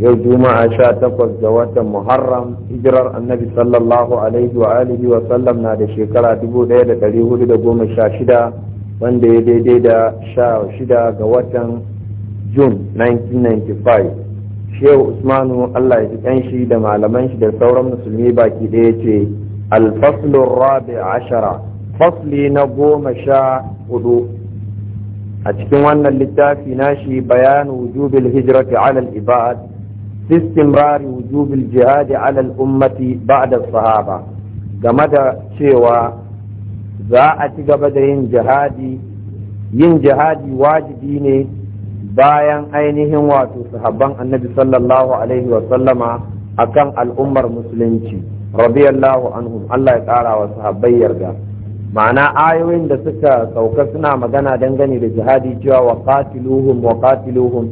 yau juma'a sha takwas ga watan muharram hijirar annabi sallallahu alaihi wa alihi wa sallam na da shekara dubu ɗaya da ɗari hudu da goma sha shida wanda ya daidai da sha shida ga watan jun 1995 shehu usmanu allah ya ji kanshi da malaman shi da sauran musulmi baki ɗaya ce alfaslun rabi ashara fasli na goma sha hudu a cikin wannan littafi nashi bayanu wujubil hijrati ala al-ibad باستمرار وجوب الجهاد على الأمة بعد الصحابة game da cewa za a ci gaba da yin jihadi wajibi ne bayan ainihin wato sahabban annabi sallallahu alaihi wa a kan al'ummar musulunci radiyallahu anhum Allah ya ƙara wa sahabbai yarda ma'ana ayoyin da suka sauka suna magana dangane da jihadi cewa wa qatiluhum wa qatiluhum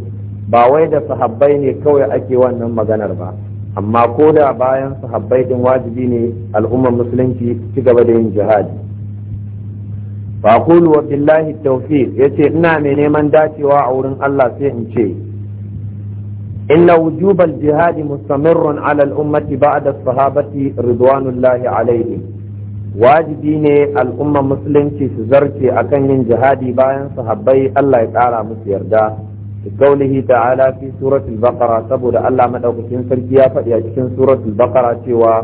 ba wai da sahabbai ne kawai ake wannan maganar ba amma ko da bayan sahabbai din wajibi ne al'ummar musulunci ci gaba da yin jihadi faqulu wa billahi tawfiq yace ina mai neman dacewa a wurin Allah sai in ce inna wujubal jihadi mustamirrun ala al'ummati ba'da sahabati ridwanullahi Alayhi. wajibi ne al'ummar musulunci su zarce akan yin jihadi bayan sahabbai Allah ya kara musu yarda قوله تعالى في سورة البقرة سبب الله من أوكسين سرقيا فإيجكين سورة البقرة سوى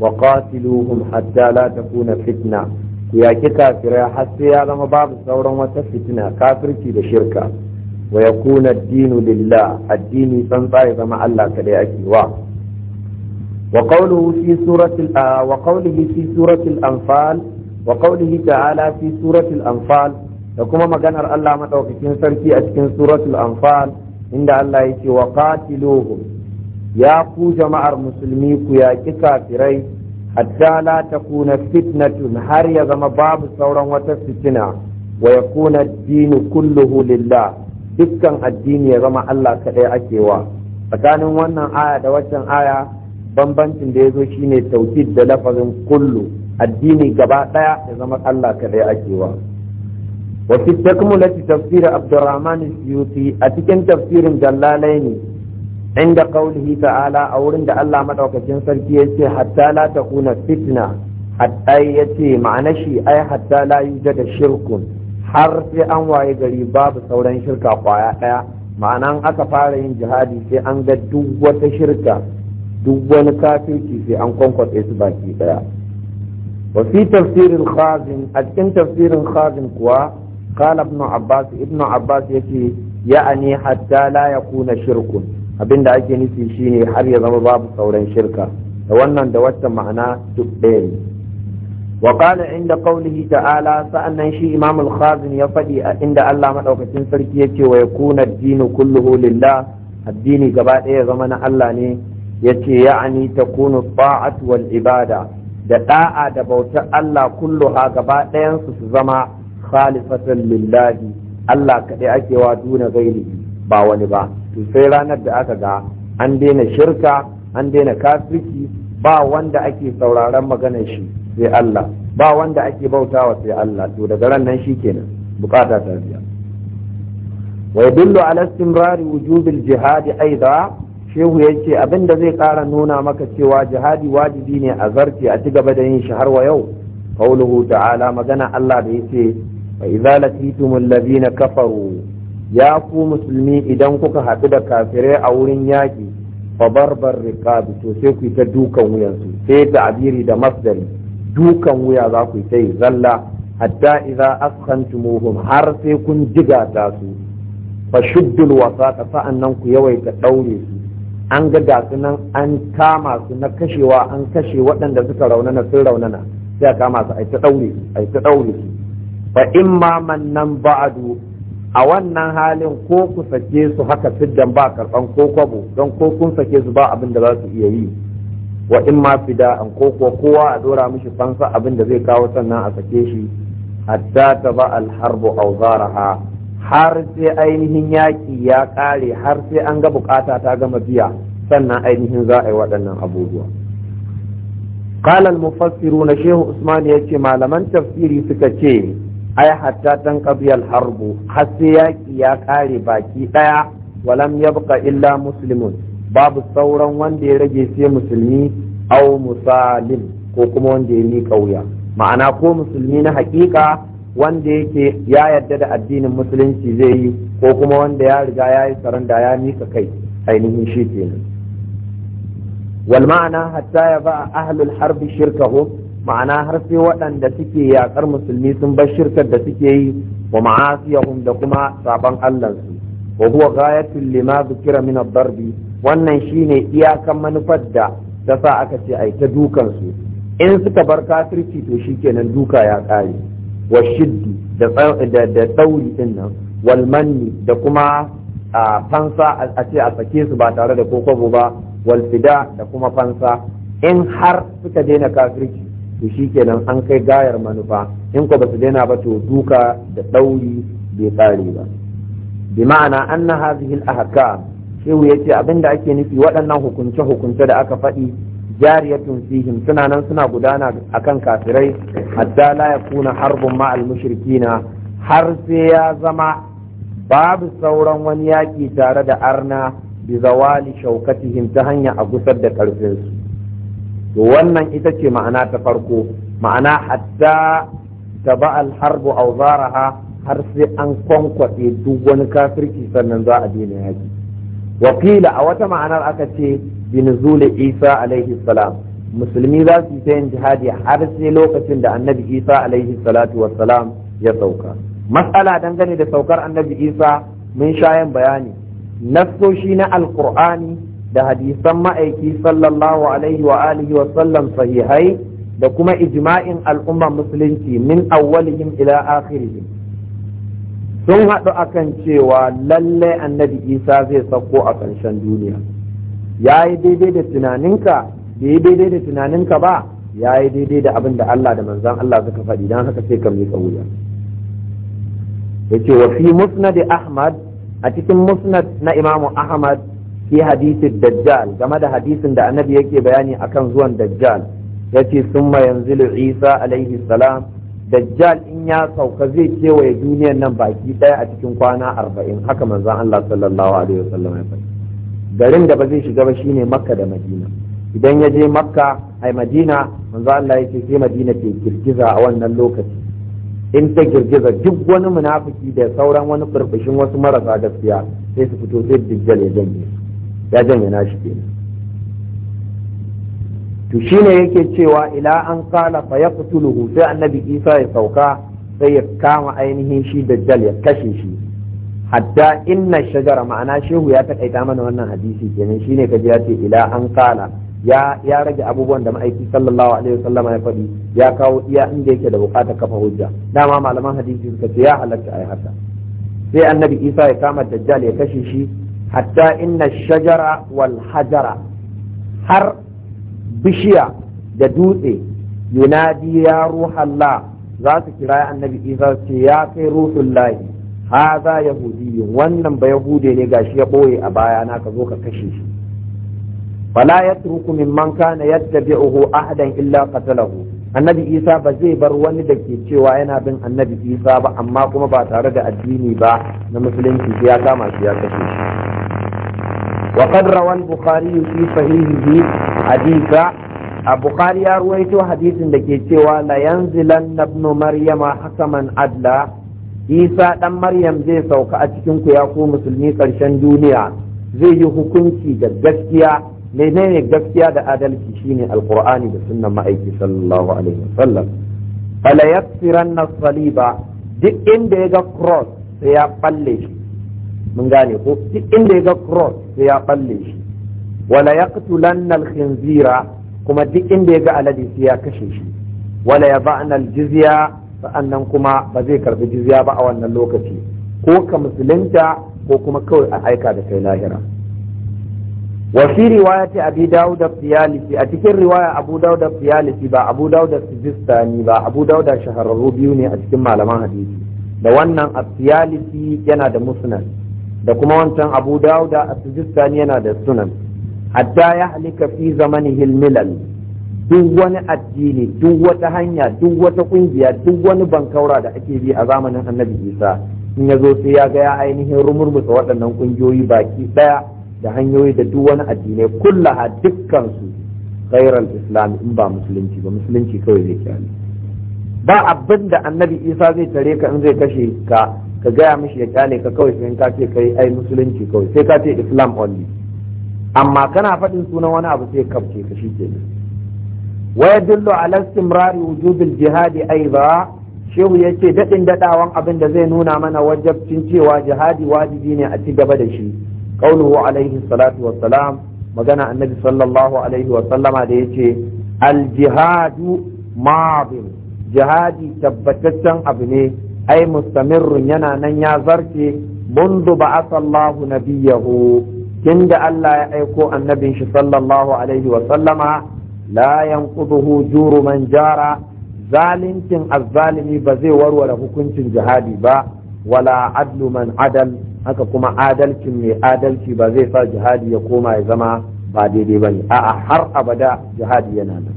وقاتلوهم حتى لا تكون فتنة يا كافر يا حسي على مباب الثورة وتفتنة كافر كده شركة ويكون الدين لله الدين سنطايق مع الله كليأكي وقوله في سورة وقوله في سورة الأنفال وقوله تعالى في سورة الأنفال da kuma maganar Allah madaukakin sarki a cikin suratul anfal inda Allah yake wa qatiluhum ya ku jama'ar musulmi ku yaƙi kafirai hatta la takuna fitnatun har ya zama babu sauran wata fitina wa yakuna kulluhu lillah dukkan addini ya zama Allah kadai ake wa tsakanin wannan aya da waccan aya bambancin da ya zo shine tauhid da lafazin kullu addini gaba daya ya zama Allah kadai ake wa وفي تكملة تفسير عبد الرحمن السيوطي أتكن تفسير جلالين عند قوله تعالى أو عند الله مدعوك سركي حتى لا تكون فتنة حتى يتي معنى shi أي حتى لا يوجد شرك har sai an waye gari babu sauran shirka kwaya ɗaya ma'ana aka fara yin jihadi sai an ga duk wata shirka duk wani kafirci sai an kwankwace su baki ɗaya tafsirin a cikin tafsirin khazin kuwa قال ابن عباس ابن عباس يتي يعني حتى لا يكون شرك abinda ake nufi shine har ya zama babu sauran shirka da wannan da wata ma'ana duk ɗaya ne wa qala inda qawlihi ta'ala sa'annan shi imam al-khazin ya faɗi a inda Allah madaukakin sarki yake wa yakuna ad-dinu kulluhu lillah addini gaba ɗaya zama na Allah ne yace ya'ani takunu ta'at wal ibada da da'a da bautar Allah kulluha gaba ɗayan su su zama khalifatan lillahi Allah kaɗai ake wa duna gairi ba wani ba to sai ranar da aka ga an daina shirka an daina kafirki ba wanda ake sauraron maganar shi sai Allah ba wanda ake bautawa sai Allah to daga ran nan shikenan bukata ta biya wa yadullu ala istimrari wujubil jihadi aidha shehu yace abinda zai kara nuna maka cewa jihadi wajibi ne a zarce a ci gaba da yin shi har wa yau qauluhu ta'ala magana Allah da yace fa idza laqitum alladhina ya ku musulmi idan kuka haɗu da kafirai a wurin yaƙi fa barbar riqab to sai ta dukan wuyansu sai da abiri da masdari dukan wuya za ku ta yi zalla hatta idza askantumuhum har sai kun jiga ta su wasa shuddul wasaqa sa'annan ku yawaita daure su an ga gasu nan an kama su na kashewa an kashe waɗanda suka raunana sun raunana sai a kama su a ta ta daure su fa imma mannan ba'adu a wannan halin ko ku sake su haka siddan ba karban ko kwabo don ko kun sake su ba abin da za su iya yi wa in ma fida an ko kuwa kowa a dora mishi fansa abin da zai kawo sannan a sake shi hatta ta ba alharbu zaraha har sai ainihin yaki ya kare har sai an ga bukata ta gama biya sannan ainihin za a yi waɗannan abubuwa قال المفسرون شيخ عثمان ce malaman tafsiri suka ce. ai hatta tan qabiyal harbu har sai yaki ya kare baki daya walam yabqa illa muslimun babu sauran wanda ya rage sai musulmi au musalim ko kuma wanda ya mika wuya ma'ana ko musulmi na hakika wanda yake ya yarda da addinin musulunci zai yi ko kuma wanda ya riga ya yi saranda ya mika kai ainihin shi kenan wal ma'ana hatta ya ba ahlul harbi shirkahu ma'ana har sai waɗanda suke yaƙar musulmi sun bar shirkar da suke yi wa ma'asiyahum da kuma saban allansu wa huwa ghayatul lima zukira min ad-darbi wannan shine iyakan manufar da ta sa aka ce ai ta dukan su in suka bar kafirci to shikenan duka ya kare wa shiddi da da dauri din nan wal manni da kuma fansa a ce a sake su ba tare da kokobo ba wal fida da kuma fansa in har suka daina kafirci to kenan an kai gayar manufa in ko ba su daina ba to duka da ɗauri bai tsare ba bi ma'ana anna hadhihi al-ahkam shehu yace abinda ake nufi waɗannan hukunce hukunce da aka faɗi jariyatun fihim suna nan suna gudana akan kafirai hatta la yakuna harbun ma'al mushrikina har sai ya zama babu sauran wani yaƙi tare da arna bi zawali shaukatihim ta hanya a gusar da ƙarfinsu wannan ita ce ma'ana ta farko ma'ana hatta ba'al alharbu au zaraha har sai an kwankwace duk wani kafirki sannan za a daina yaki wakila a wata ma'anar aka ce binzuli isa alaihi salam musulmi za su yi ta yin jihadi har sai lokacin da annabi isa alaihi salatu wassalam ya sauka matsala dangane da saukar annabi isa mun sha yin bayani nassoshi na alkur'ani da hadisan ma'aiki sallallahu alaihi wa alihi wa sallam sahihai da kuma ijma'in al'umma musulunci min awwalihim ila akhirihim sun haɗu akan cewa lalle annabi isa zai sauko a ƙarshen duniya ya yi daidai da tunaninka da yi daidai da tunaninka ba ya yi daidai da abin da Allah da manzan Allah suka faɗi don haka sai ka miƙa wuya ya ce wa fi musnad ahmad a cikin musnad na imamu ahmad fi hadisin dajjal game da hadisin da annabi yake bayani akan zuwan dajjal yace summa yanzilu isa alaihi salam dajjal in ya sauka zai kewaye duniyar nan baki daya a cikin kwana arba'in haka manzon Allah sallallahu alaihi wasallam ya faɗi garin da ba zai shiga ba shine makka da madina idan ya je makka a madina manzo Allah ya ce sai madina ke girgiza a wannan lokaci in ta girgiza duk wani munafuki da sauran wani burbushin wasu marasa gaskiya sai su fito sai dijjal ya janye ya janye nashi kenan to ne yake cewa ila an qala fa yaqtuluhu sai annabi Isa ya sauka sai ya kama ainihin shi dajjal ya kashe shi hatta inna shajara ma'ana shehu ya takaita mana wannan hadisi kenan ne kaji ya ce ila an kala, ya ya rage abubuwan da ma'aiki sallallahu alaihi wasallam ya faɗi ya kawo iya inda yake da bukatar kafa hujja dama malaman hadisi suka ce ya halatta ai haka sai annabi Isa ya kama dajjal ya kashe shi hatta inna shajara wal hajara har bishiya da dutse yunadi ya ruhallah za su kira annabi isa ce ya kai ruhullahi ha haza yahudi wannan ba yahude ne gashi ya ɓoye a baya na ka zo ka kashe shi fala yatruku mimman kana yattabi'uhu ahadan illa qatalahu annabi isa ba zai bar wani da ke cewa yana bin annabi isa ba amma kuma ba tare da addini ba na musulunci ya kama shi ya kashe shi وقد روى البخاري في صحيحه حديث البخاري يروي حديث دكي cewa la yanzilanna ibn maryama hakaman adla Isa dan Maryam zai sauka a cikin ku ya musulmi karshen duniya zai yi hukunci da gaskiya menene gaskiya da adalci shine alkur'ani da sunnan ma'aiki sallallahu alaihi wasallam fala saliba duk inda ya ga cross sai ya balle mun gane ko duk inda ya ga cross sai ya balle shi wala yaqtulanna al-khinzira kuma duk inda ya ga alade sai ya kashe shi wala yaba'na al-jizya sa'annan kuma ba zai karbi jizya ba a wannan lokaci ko ka musulunta ko kuma kawai a aika da kai lahira wa fi riwayati abi daud al-fiyalisi a cikin riwaya abu daud al-fiyalisi ba abu daud al-sijistani ba abu daud shahararru biyu ne a cikin malaman hadisi da wannan al-fiyalisi yana da musnad da kuma wancan abu dauda a sujistan yana da sunan hatta ya halika fi zamani hilmilal duk wani addini duk wata hanya duk wata kungiya duk wani bankaura da ake bi a zamanin annabi isa in ya zo sai ya ga ya ainihin rumurmusa waɗannan kungiyoyi baki ɗaya da hanyoyi da duk wani addinai kullaha dukkansu khairal islam in ba musulunci ba musulunci kawai zai kyale ba abin annabi isa zai tare ka in zai kashe ka ka gaya mashi ya kyale ka kawai sai ka ce kai ai musulunci kawai sai ka ce islam only amma kana faɗin sunan wani abu sai kafce ka shi ke wa yadullu ala istimrari wujubil jihadi aiba shehu ya ce daɗin daɗawan abin da zai nuna mana wajabcin cewa jihadi wajibi ne a ci gaba da shi qauluhu alaihi salatu wassalam magana annabi sallallahu alaihi wa sallama da yace al jihadu madin jihadi tabbataccen abu ne ai mustamirrun yana nan ya zarce mundu ba'atha na nabiyahu da Allah ya aiko annabin shi sallallahu alaihi wa sallama la yanquduhu juru man jara zalincin azzalimi ba zai warware hukuncin jihadi ba wala adlu man adal haka kuma adalcin mai adalci ba zai sa jihadi ya koma ya zama ba daidai bane a'a har abada jihadi yana nan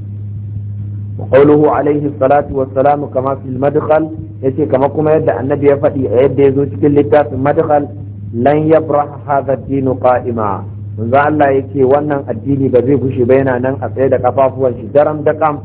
وقوله عليه الصلاة والسلام كما في المدخل ya ce kamar kuma yadda annabi ya faɗi a yadda ya zo cikin littafin madkhal lan yabrah hadha ad qa'ima manzo Allah yake wannan addini ba zai gushe ba yana nan a tsaye da kafafuwan shi daram da kam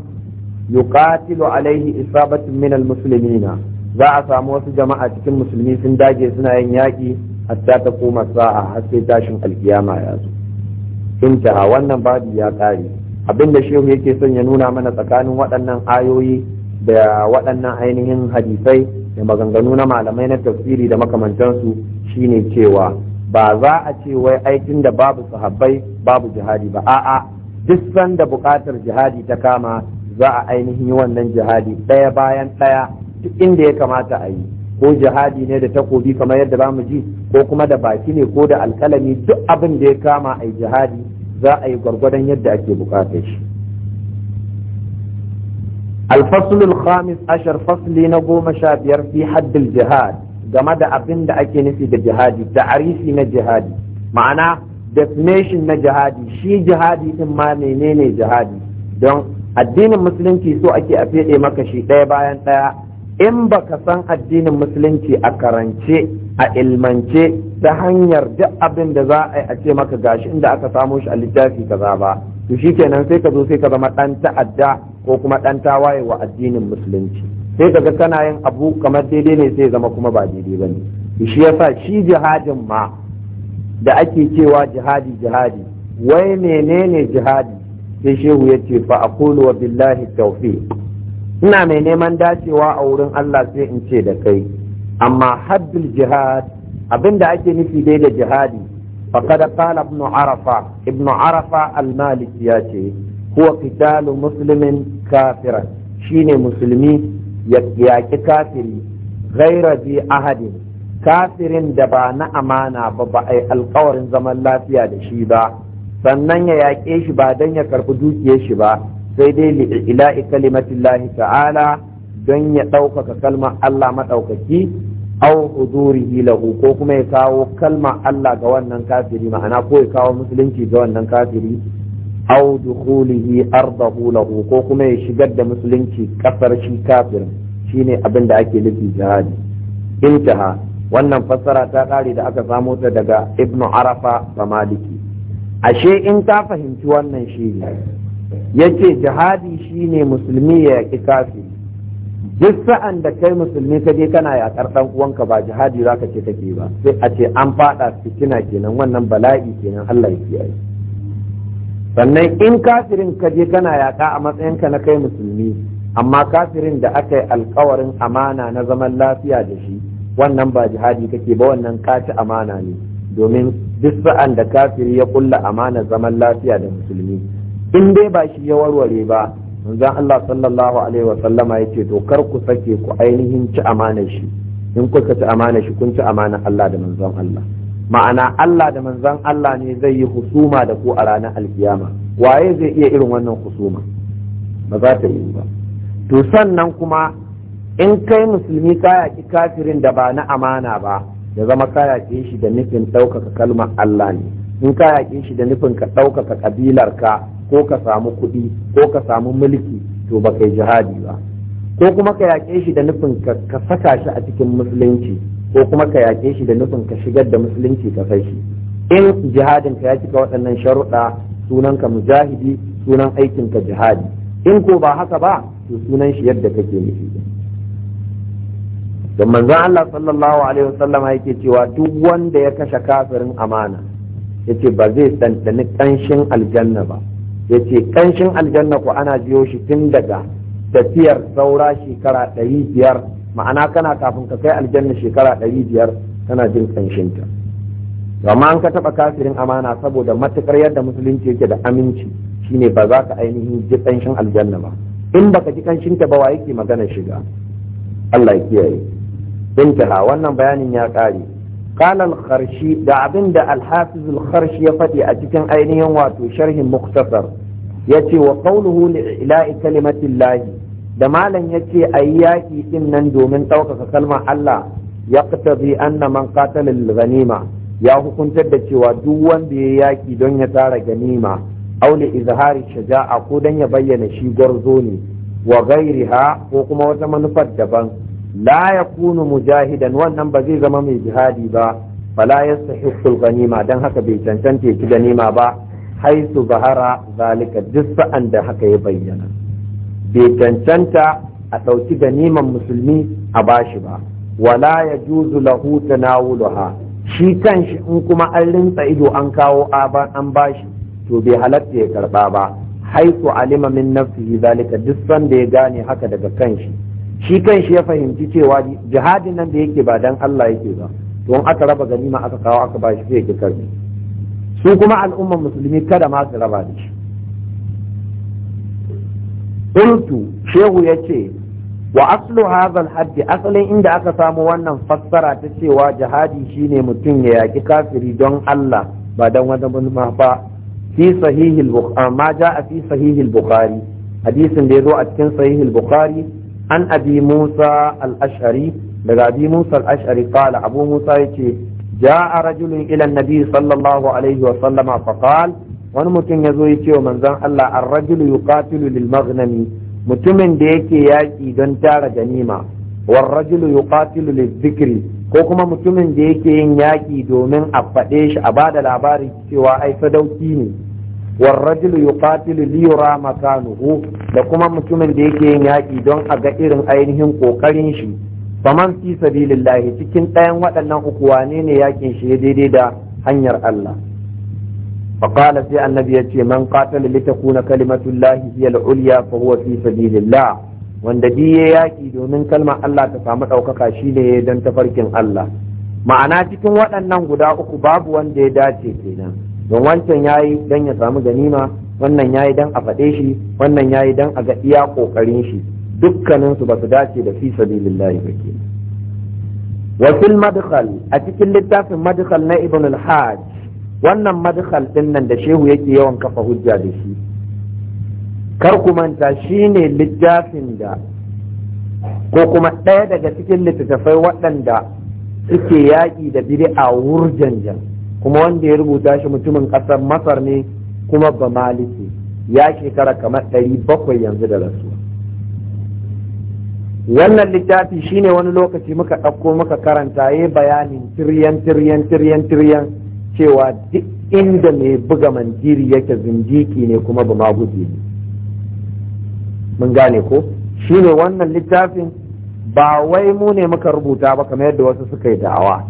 yuqatilu alaihi isabatun min musulmi na za a samu wasu jama'a cikin musulmi sun dage suna yin yaki hatta ta koma sa'a har sai tashin alkiyama ya zo intaha wannan babu ya kare abinda shehu yake son ya nuna mana tsakanin waɗannan ayoyi da waɗannan ainihin hadisai da maganganu na malamai na tafsiri da makamantansu shine cewa ba za a ce wai aikin da babu sahabbai babu jihadi ba a'a duk sanda buƙatar jihadi ta kama za a ainihin yi wannan jihadi ɗaya bayan ɗaya duk inda ya kamata a yi ko jihadi ne da takobi kamar yadda za mu ji ko kuma da baki ne ko da alkalami duk abin da ya kama a yi jihadi za a yi gwargwadon yadda ake buƙatar shi الفصل الخامس عشر فصل نقوم شابير في حد jihad game da abin da ake nufi da jihadi da arifi na jihadi ma'ana definition na jihadi shi jihadi din ma menene jihadi don addinin musulunci so ake a fede maka shi ɗaya bayan ɗaya in baka san addinin musulunci a karance a ilmance ta hanyar duk abinda za a yi ce maka gashi inda aka samo shi a littafi ka za ba to kenan sai ka zo sai ka zama ɗan ta'adda ko kuma ɗan tawaye wa addinin musulunci sai daga kana yin abu kamar daidai ne sai zama kuma ba daidai ba ne shi yasa shi jihadin ma da ake cewa jihadi jihadi wai menene jihadi sai shehu ya ce fa aqulu wa billahi tawfiq ina mai neman dacewa a wurin Allah sai in ce da kai amma haddul jihad abinda ake nufi dai da jihadi faqad qala ibnu arafa Ibnu arafa al-maliki ya ce huwa qitalu muslimin kafiran shine musulmi ya yaki kafiri ghaira bi ahadin kafirin da ba na amana ba ba ai alkawarin zaman lafiya da shi ba sannan ya yaƙe shi ba don ya karɓi dukiyar shi ba sai dai ila'i kalimatillahi ta'ala don ya ɗaukaka kalmar Allah maɗaukaki au hilau ko kuma ya kawo kalmar Allah ga wannan kafiri ma'ana ko ya kawo musulunci ga wannan kafiri aw dukhulihi ardahu lahu ko kuma ya shigar da musulunci kasar shi kafirin shine abin da ake nufi jihadi intaha wannan fassara ta kare da aka samo ta daga ibnu arafa ba maliki ashe in ka fahimci wannan shi ne yace jihadi shine musulmi ya yaki kafiri duk sa'an da kai musulmi ka je kana yakar dan uwanka ba jihadi zaka ce kake ba sai a ce an fada fitina kenan wannan bala'i kenan Allah ya yi. sannan in kafirin ka je kana yaƙa a matsayinka na kai musulmi amma kafirin da aka yi alkawarin amana na zaman lafiya da shi wannan ba jihadi kake ba wannan kaci amana ne domin duk sa'an da kafiri ya kulla amana zaman lafiya da musulmi in dai ba shi ya warware ba manzon Allah sallallahu alaihi wa sallama yace to kar ku sake ku ainihin ci amanar shi in kuka ci amanar shi kun ci amanar Allah da manzon Allah ma'ana Allah da manzan Allah ne zai yi husuma da ku a ranar alkiyama waye zai iya irin wannan husuma ba za ta yi ba to sannan kuma in kai musulmi ka yaki kafirin da ba na amana ba ya zama ka yaƙe shi da nufin ɗaukaka kalmar Allah ne in ka yaƙe shi da nufin ka ɗaukaka ka ko ka samu kuɗi ko ka samu mulki to ba kai jihadi ba ko kuma ka yaƙe shi da nufin ka saka shi a cikin musulunci ko kuma ka yaƙe shi da nufin ka shigar da musulunci ka kai shi in jihadin ka ya cika waɗannan sharuɗa sunan ka mujahidi sunan aikin ka jihadi in ko ba haka ba to sunan shi yadda kake nufi da manzon Allah sallallahu alaihi wasallam yake cewa duk wanda ya kashe kafirin amana yace ba zai ɗanɗani ƙanshin aljanna ba yace ƙanshin aljanna ko ana biyo shi tun daga tafiyar saura shekara ɗari biyar ma'ana kana kafin ka kai aljanna shekara ɗari biyar kana jin ƙanshinta amma an ka taɓa kafirin amana saboda matuƙar yadda musulunci yake da aminci shine ba za ka ainihin ji ƙanshin aljanna ba in baka ji ƙanshinta ba wa yake magana shiga Allah ya kiyaye intaha wannan bayanin ya ƙare قال الخرشي da abin da alhafiz al-kharshi ya faɗi a cikin ainihin wato sharhin muktasar yace wa qawluhu li ila'i kalimatillahi da malam ya ce a yi yaƙi ɗin nan domin ɗaukaka kalmar Allah ya ƙatazi anna man qatalil ganima ya hukuntar da cewa duk wanda ya yaƙi don ya tara ganima aule izhari shaja'a ko don ya bayyana shi gwarzo ne wa gairiha ko kuma wata manufar daban la yakunu mujahidan wannan ba zai zama mai jihadi ba fala yastahiqqu ganima dan haka bai cancanta ya ci ganima ba haisu bahara zalika duk sa'an da haka ya bayyana bai cancanta a ɗauki ganiman musulmi a bashi ba wala ya juzu lahu tanawuluha shi kanshi in kuma an rinsa ido an kawo an bashi to bai halatta ya karba ba haitu alima min nafsihi zalika duk sanda ya gane haka daga kanshi shi kanshi ya fahimci cewa jihadin nan da yake ba dan Allah yake ba to in aka raba ganima aka kawo aka bashi sai ya karbi su kuma al'umman musulmi kada ma su raba da shi qultu shehu yace wa aslu hadha al-hadd asalin inda aka samo wannan fassara ta cewa jihadi shine mutum ya yaki kafiri don Allah ba don wata ba fi sahihil bukhari ma jaa fi sahihil bukhari hadisin da yazo a cikin sahihil bukhari an abi musa al-ash'ari daga abi musa al-ash'ari qala abu musa yace jaa rajulun ila an-nabi sallallahu alaihi wa sallama wani mutum ya zo ya ce wa manzon Allah ar-rajulu yuqatilu lil maghnami mutumin da yake yaƙi don tara ganima war rajulu yuqatilu lil ko kuma mutumin da yake yin yaƙi domin a faɗe shi a ba da labari cewa ai sadauki ne war rajulu yuqatilu li yura makanuhu da kuma mutumin da yake yin yaƙi don a ga irin ainihin ƙoƙarin shi faman fi sabilillahi cikin ɗayan waɗannan uku wane ne yaƙin shi ya daidai da hanyar Allah فقال في النبي من قاتل لتكون كلمة الله هي العليا فهو في سبيل الله wanda bi ya yaƙi domin kalmar Allah ta samu ɗaukaka shi ne don tafarkin Allah ma'ana cikin waɗannan guda uku babu wanda ya dace kenan don wancan yi don ya samu ganima wannan yi don a faɗe shi wannan yi don a ga iya ƙoƙarin shi dukkaninsu ba su dace da fi sabilillahi ba ke. wa madkhal a cikin littafin madkhal na ibn al-hajj wannan madkhal din nan da shehu yake yawan kafa hujja da shi kar ku manta shine littafin da ko kuma ɗaya daga cikin littattafai waɗanda suke yaƙi da bid'a wurjanjan kuma wanda ya rubuta shi mutumin ƙasar masar ne kuma ba maliki ya shekara kamar ɗari bakwai yanzu da rasuwa wannan littafi shine wani lokaci muka ɗauko muka karanta ya bayanin tiryan tiryan tiryan tiryan cewa duk inda mai buga mandiri yake zindiki ne kuma ba maguzi ne mun gane ko shi ne wannan littafin ba wai mu ne muka rubuta ba kamar yadda wasu suka yi da'awa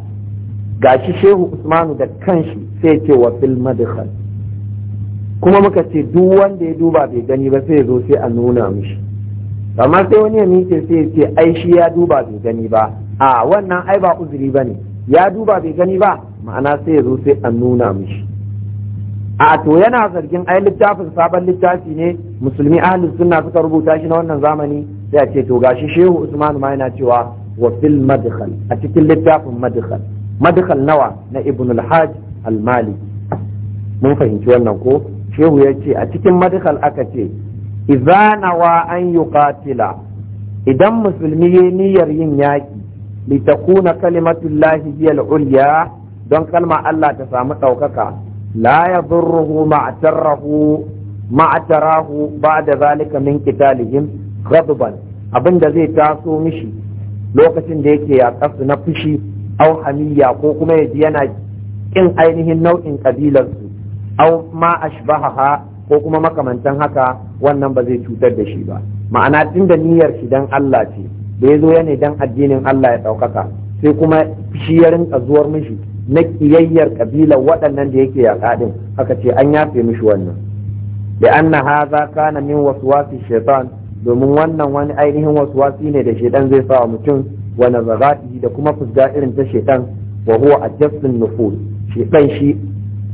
shi shehu usmanu da kanshi sai ce wa kuma muka ce duk wanda ya duba bai gani ba sai ya zo sai a nuna mishi amma sai wani ya miƙe sai ya ce ai shi ya duba bai gani ba a wannan ai ba uzuri ba ne ya duba bai gani ba ma'ana sai ya zo sai a nuna mishi a to yana zargin ai littafin sabon littafi ne musulmi ahli sunna suka rubuta shi na wannan zamani sai a ce to gashi shehu usman ma yana cewa wa fil madkhal a cikin littafin madkhal madkhal nawa na ibn al-hajj al-maliki mun fahimci wannan ko shehu ya ce a cikin madkhal aka ce idza nawa an yuqatila idan musulmi ya niyyar yin yaki litakuna kalimatullahi hiya al-ulya don kalma Allah ta samu ɗaukaka la ma'atarahu ma'atarahu ba ba'da zalika min Rabban abin da zai taso mishi lokacin da yake ya kasu na fushi au hamiya ko kuma yaji yana kin ainihin nau'in ƙabilarsu, au ma ashbahaha ko kuma makamantan haka wannan ba zai cutar da shi ba ma'ana tunda niyyar shi dan Allah ce da ya zo ya ne dan addinin Allah ya ɗaukaka sai kuma shi ya rinka zuwar mishi na kiyayyar kabila waɗannan da yake yaƙa ɗin aka ce an yafe mishi wannan da anna haza kana min waswasi shaitan domin wannan wani ainihin wasu waswasi ne da shaitan zai sa wa mutum wa nazaratihi da kuma fusga irin ta shaitan wa huwa ajassun nufus shaitan shi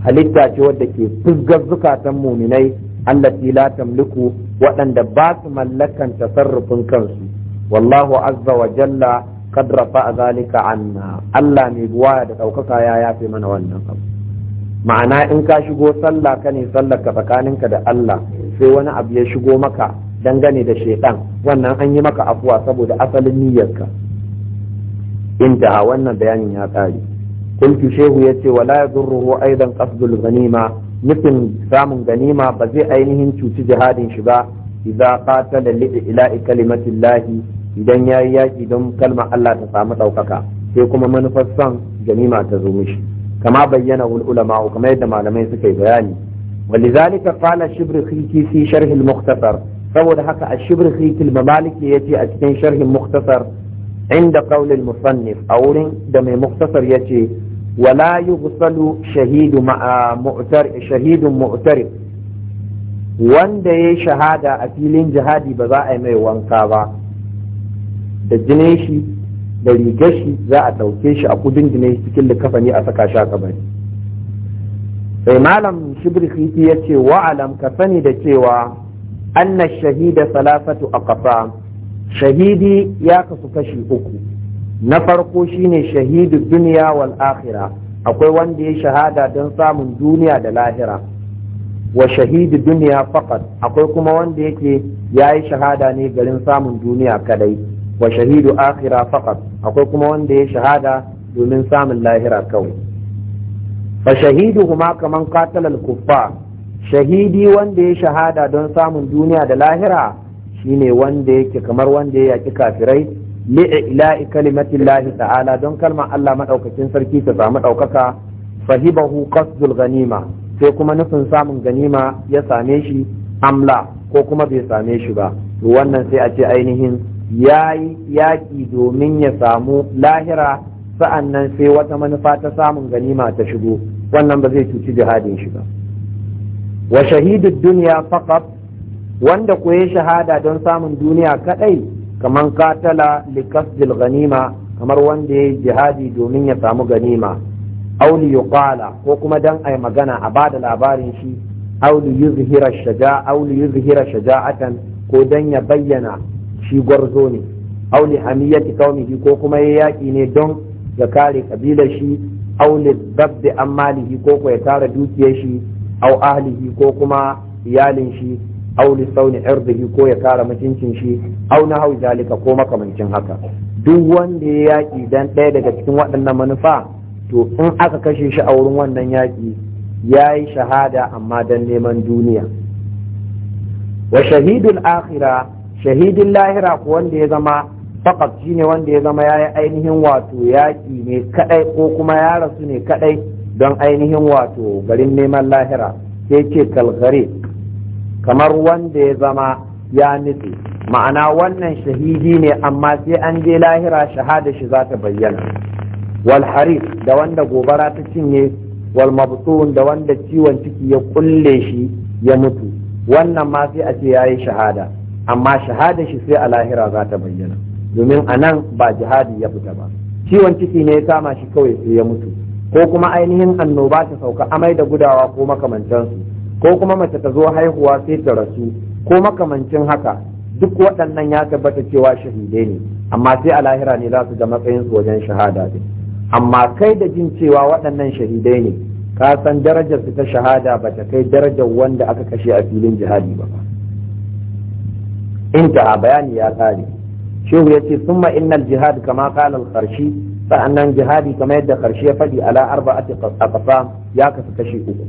halitta ce wadda ke fusgar zukatan muminai allati la tamliku waɗanda ba su mallakan tasarrufin kansu wallahu azza wa jalla qad rafa zalika anna Allah mai buwa da daukaka ya yafe mana wannan abu ma'ana in ka shigo sallah ka ne sallar ka tsakaninka da Allah sai wani abu ya shigo maka dangane da shaidan wannan an yi maka afuwa saboda asalin niyyarka intaha wannan bayanin ya kare kulki shehu ya ce wala yadurruhu aidan qasdul ganima nufin samun ganima ba zai ainihin cuci jihadin shi ba idza qatala li ila'i kalimatillahi idan ya yi yaƙi don kalmar Allah ta samu ɗaukaka sai kuma manufar son ganima ta zo mishi kama bayyana ulama kamar yadda malamai suka yi bayani ولذلك قال الشبرخيكي في شرح المختصر saboda haka a shibirhikil mamaliki ya ce a cikin sharhin muktasar inda kaulil musannif a wurin da mai muktasar ya ce wala yi gusalu shahidun mu'tari wanda ya shahada a filin jihadi ba za a yi mai wanka ba da jinin shi da rigar shi za a ɗauke shi a kudin jinin shi cikin likafani a saka shi a kabari sai malam shibri ya ce wa'alam ka sani da cewa anna shahida salasatu a ƙasa shahidi ya kasu kashi uku na farko shine shahidu duniya wal akhira akwai wanda ya shahada don samun duniya da lahira wa shahidu duniya fakat akwai kuma wanda yake ya yi shahada ne garin samun duniya kadai wa shahidu akhira faqat akwai kuma wanda ya shahada domin samun lahira kawai fa shahiduhuma kaman qatalal kuffar shahidi wanda ya shahada don samun duniya da lahira shine wanda yake kamar wanda ya yaki kafirai li'ila'i kalimatin lahi ta'ala don kalmar Allah madaukakin sarki ta samu daukaka fahibahu qasdul ganima sai kuma nufin samun ganima ya same shi amla ko kuma bai same shi ba to wannan sai a ce ainihin ya yi yaƙi domin ya samu lahira sa'annan sai wata manufa ta samun ganima ta shigo wannan ba zai cuci jihadin shi ba wa shahidu duniya faqat wanda ko ya shahada don samun duniya kadai kaman katala likasdil ganima kamar wanda ya jihadi domin ya samu ganima auli yuqala ko kuma dan ai magana a bada labarin shi auli yuzhira shaja auli yuzhira shaja'atan ko dan ya bayyana shi gwarzo ne auli hamiyati qaumihi ko kuma ya yaki ne don ya kare kabilar shi auli dabbi amalihi ko ko ya tara dukiyar shi au ahlihi ko kuma iyalin shi auli sauni irdihi ko ya kare mutuncin shi au na hau zalika ko makamancin haka duk wanda ya yaki dan ɗaya daga cikin waɗannan manufa to in aka kashe shi a wurin wannan yaƙi ya yi shahada amma dan neman duniya wa shahidul akhirah shahidin lahira ko wanda ya zama fakat shi ne wanda ya zama ya yi ainihin wato yaƙi ne kaɗai ko kuma ya rasu ne kaɗai don ainihin wato garin neman lahira sai ce kalgare kamar wanda ya zama ya nufi ma'ana wannan shahidi ne amma sai an je lahira shahada shi za ta bayyana wal harif da wanda gobara ta cinye wal mabtun da wanda ciwon ciki ya kulle shi ya mutu wannan ma sai a ce yayi shahada amma shahada shi sai a lahira za ta bayyana domin a nan ba jihadi ya fita ba ciwon ciki ne ya kama shi kawai sai ya mutu ko kuma ainihin annoba ta sauka amai da gudawa ko su ko kuma mace ta zo haihuwa sai ta rasu ko makamancin haka duk waɗannan ya tabbata cewa shahidai ne amma sai a lahira ne za su ga matsayinsu wajen shahada din amma kai da jin cewa waɗannan shahidai ne ka san darajar su ta shahada ba ta kai darajar wanda aka kashe a filin jihadi ba inta a bayani ya kare shehu ya ce summa innal jihad kama qala al-qarshi sa'annan jihadi kama yadda karshe ya faɗi ala arba'ati aqsam ya kasu kashi uku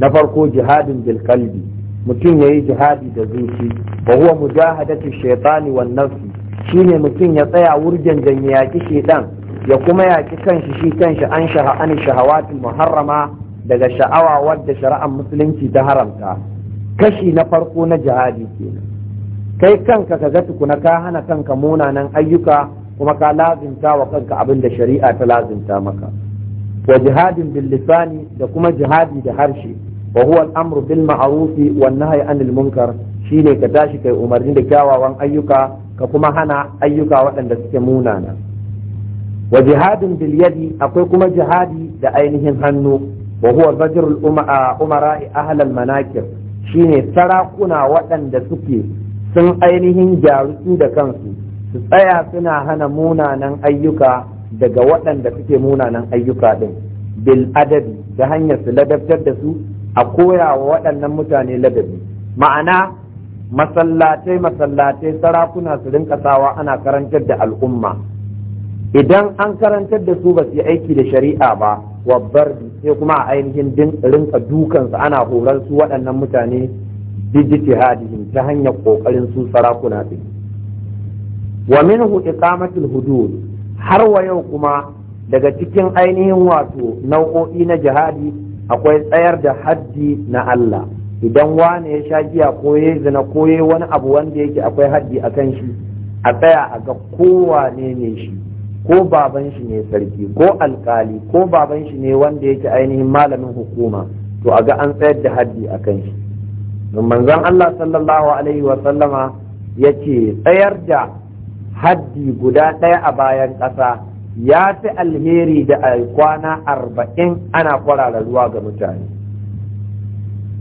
na farko jihadin bil qalbi mutum yayi jihadi da zuci wa huwa mujahadatu shaytani wan nafsi shine mutum ya tsaya wurjan janye yaki shaytan ya kuma yaki kanshi shi kanshi an shaha an muharrama daga sha'awa wadda shari'ar musulunci ta haramta kashi na farko na jihadi kenan kai kanka ka ga tukuna ka hana kanka munanan ayyuka kuma ka lazimta wa kanka abin da shari'a ta lazimta maka wa jihadin bil lisani da kuma jihadi da harshe wa huwa al-amru bil ma'rufi wan nahyi anil munkar shine ka tashi kai umarni da kyawawan ayyuka ka kuma hana ayyuka waɗanda suke munana wa jihadin bil yadi akwai kuma jihadi da ainihin hannu wa huwa bajrul umara ahal manakir shine sarakuna waɗanda suke sun ainihin gyaru su da kansu su tsaya suna hana munanan ayyuka daga waɗanda suke munanan ayyuka ɗin bil adabi ta hanyar su ladabtar da su a koya wa waɗannan mutane ladabi ma'ana masallatai masallatai sarakuna su rinka sawa ana karantar da al'umma idan an karantar da su ba su yi aiki da shari'a ba wabbar sai kuma a ainihin rinka dukansu ana horar su waɗannan mutane bijtihadihim ta hanyar kokarin su sarakuna din wa minhu iqamatul hudud har wa yau kuma daga cikin ainihin wato nau'o'i na jihadi akwai tsayar da haddi na Allah idan wani ya sha giya ko ya zina ko ya wani abu wanda yake akwai haddi a shi a tsaya a ga kowane ne shi ko baban shi ne sarki ko alkali ko baban shi ne wanda yake ainihin malamin hukuma to a ga an tsayar da haddi a kan shi manzon Allah sallallahu alaihi Wasallama ya ce, tsayar da haddi guda ɗaya a bayan ƙasa ya fi alheri da kwana arba'in ana kwarara ruwa ga mutane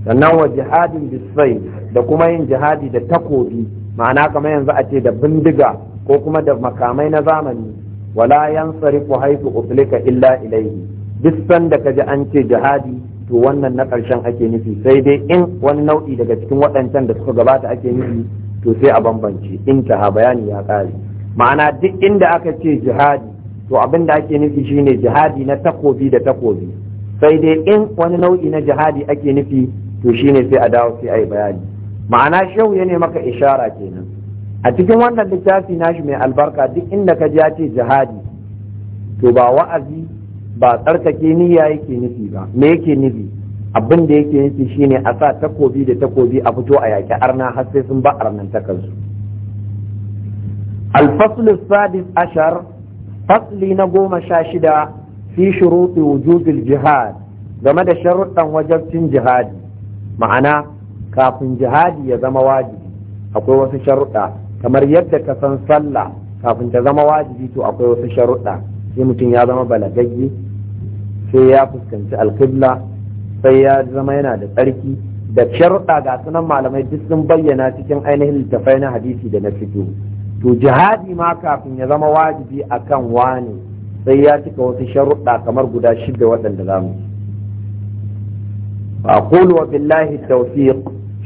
sannan wa jihadin bisai da kuma yin jihadi da takobi ma'ana kamar yanzu a ce da bindiga ko kuma da makamai na zamani wala yan sarifu haifu uslika illa ilaihi duk sanda kaji an ce jihadi to wannan na ƙarshen ake nufi sai dai in wani nau'i daga cikin waɗancan da suka gabata ake nufi to sai a bambance ha bayani ya ƙare ma'ana duk inda aka ce jihadi to abin da ake nufi shine jihadi na takobi da takobi sai dai in wani nau'i na jihadi ake nufi to shine sai a dawo sai a yi bayani ma'ana shehu ya ne maka ishara kenan a cikin wannan littafi nashi mai albarka duk inda ka ji ya ce jihadi to ba wa'azi ba tsarkake niyya yake nufi ba me yake nufi abin da yake nufi shine a sa takobi da takobi a fito a yaki arna har sai sun ba arnan takansu alfaslu sadis ashar fasli na goma sha shida fi shuruɗi wujubil jihad game da sharuɗan wajabcin jihadi ma'ana kafin jihadi ya zama wajibi akwai wasu sharuɗa kamar yadda ka san sallah kafin ta zama wajibi to akwai wasu sharuɗa sai mutum ya zama balagagge sai ya fuskanci alkibla sai ya zama yana da tsarki da sharuɗa ga sunan malamai duk sun bayyana cikin ainihin littafai na hadisi da na fito to jihadi ma kafin ya zama wajibi a kan wani sai ya cika wasu sharuɗa kamar guda shida waɗanda za mu aqulu wa billahi tawfiq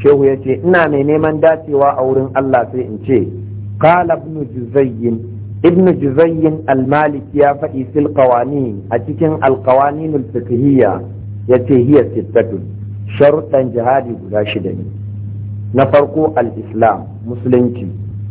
shehu yace ina mai neman dacewa a wurin Allah sai in ce qala ibn juzayyin ibn juzayyin al-malik ya faɗi fil a cikin al-qawanin al-fiqhiyya yace hiya sittatun sharuɗan jihadi guda shida ne na farko al-islam musulunci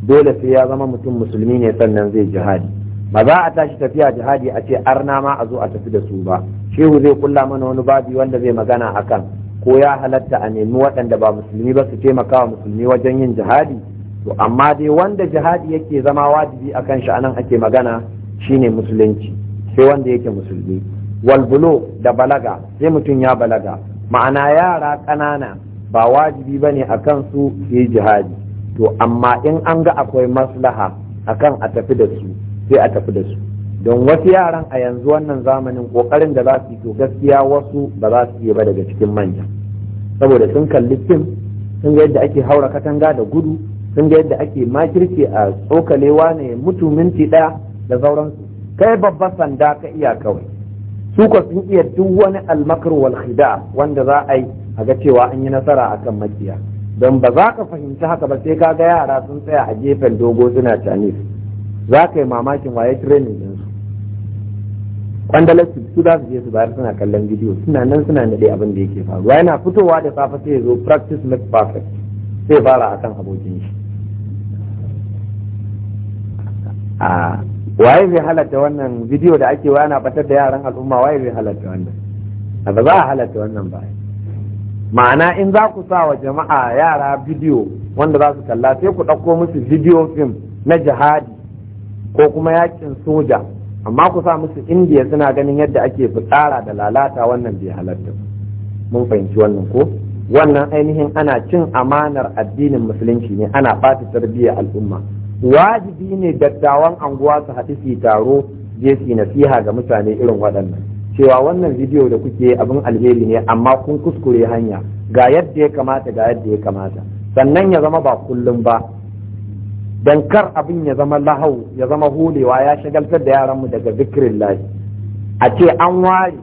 dole sai ya zama mutum musulmi ne sannan zai jihadi ba za a tashi tafiya jihadi a ce arna ma a zo a tafi da su ba shehu zai kulla mana wani babi wanda zai magana a kan. ko ya halatta a nemi waɗanda ba musulmi ba su taimakawa musulmi wajen yin jihadi to amma dai wanda jihadi yake zama wajibi akan shi anan ake magana shine musulunci sai wanda yake musulmi walbulo da balaga sai mutum ya balaga ma'ana yara ƙanana ba wajibi ba ne a kansu su yi jihadi to amma in an ga akwai maslaha akan a tafi da su sai a tafi da su don wasu yaran a yanzu wannan zamanin kokarin da za su yi to gaskiya wasu ba za su iya ba daga cikin manya saboda sun kalli fim sun ga yadda ake haura katanga da gudu sun ga yadda ake makirci a tsokalewa ne mutu minti ɗaya da sauransu kai babba sanda ka iya kawai su ka sun iya duk wani almakar wal wanda za a yi a ga cewa an yi nasara akan makiya don ba za ka fahimci haka ba sai ka ga yara sun tsaya a gefen dogo suna canis? za ka yi mamakin waye training din su su za su je su bayar suna kallon bidiyo suna nan suna nade abin da yake faruwa yana fitowa da safe sai ya zo practice make perfect zai fara a kan abokin shi a waye zai halatta wannan bidiyo da ake wa ana batar da yaran al'umma waye zai halatta wannan a ba za a halatta wannan ba ma'ana in za ku sa wa jama'a yara bidiyo wanda za su kalla sai ku ɗauko musu bidiyo fim na jihadi ko kuma yakin soja amma ku sa musu indiya suna ganin yadda ake fitsara da lalata wannan bai halatta mun fahimci wannan ko wannan ainihin ana cin amanar addinin musulunci ne ana ɓata tarbiyyar al'umma wajibi ne dattawan anguwa su haɗu su taro je su nasiha ga mutane irin waɗannan cewa wannan bidiyo da kuke abin alheri ne amma kun kuskure hanya ga yadda ya kamata ga yadda ya kamata sannan ya zama ba kullum ba dan kar abin ya zama lahau ya zama hulewa ya shagaltar da yaranmu daga zikirin lahi a ce an ware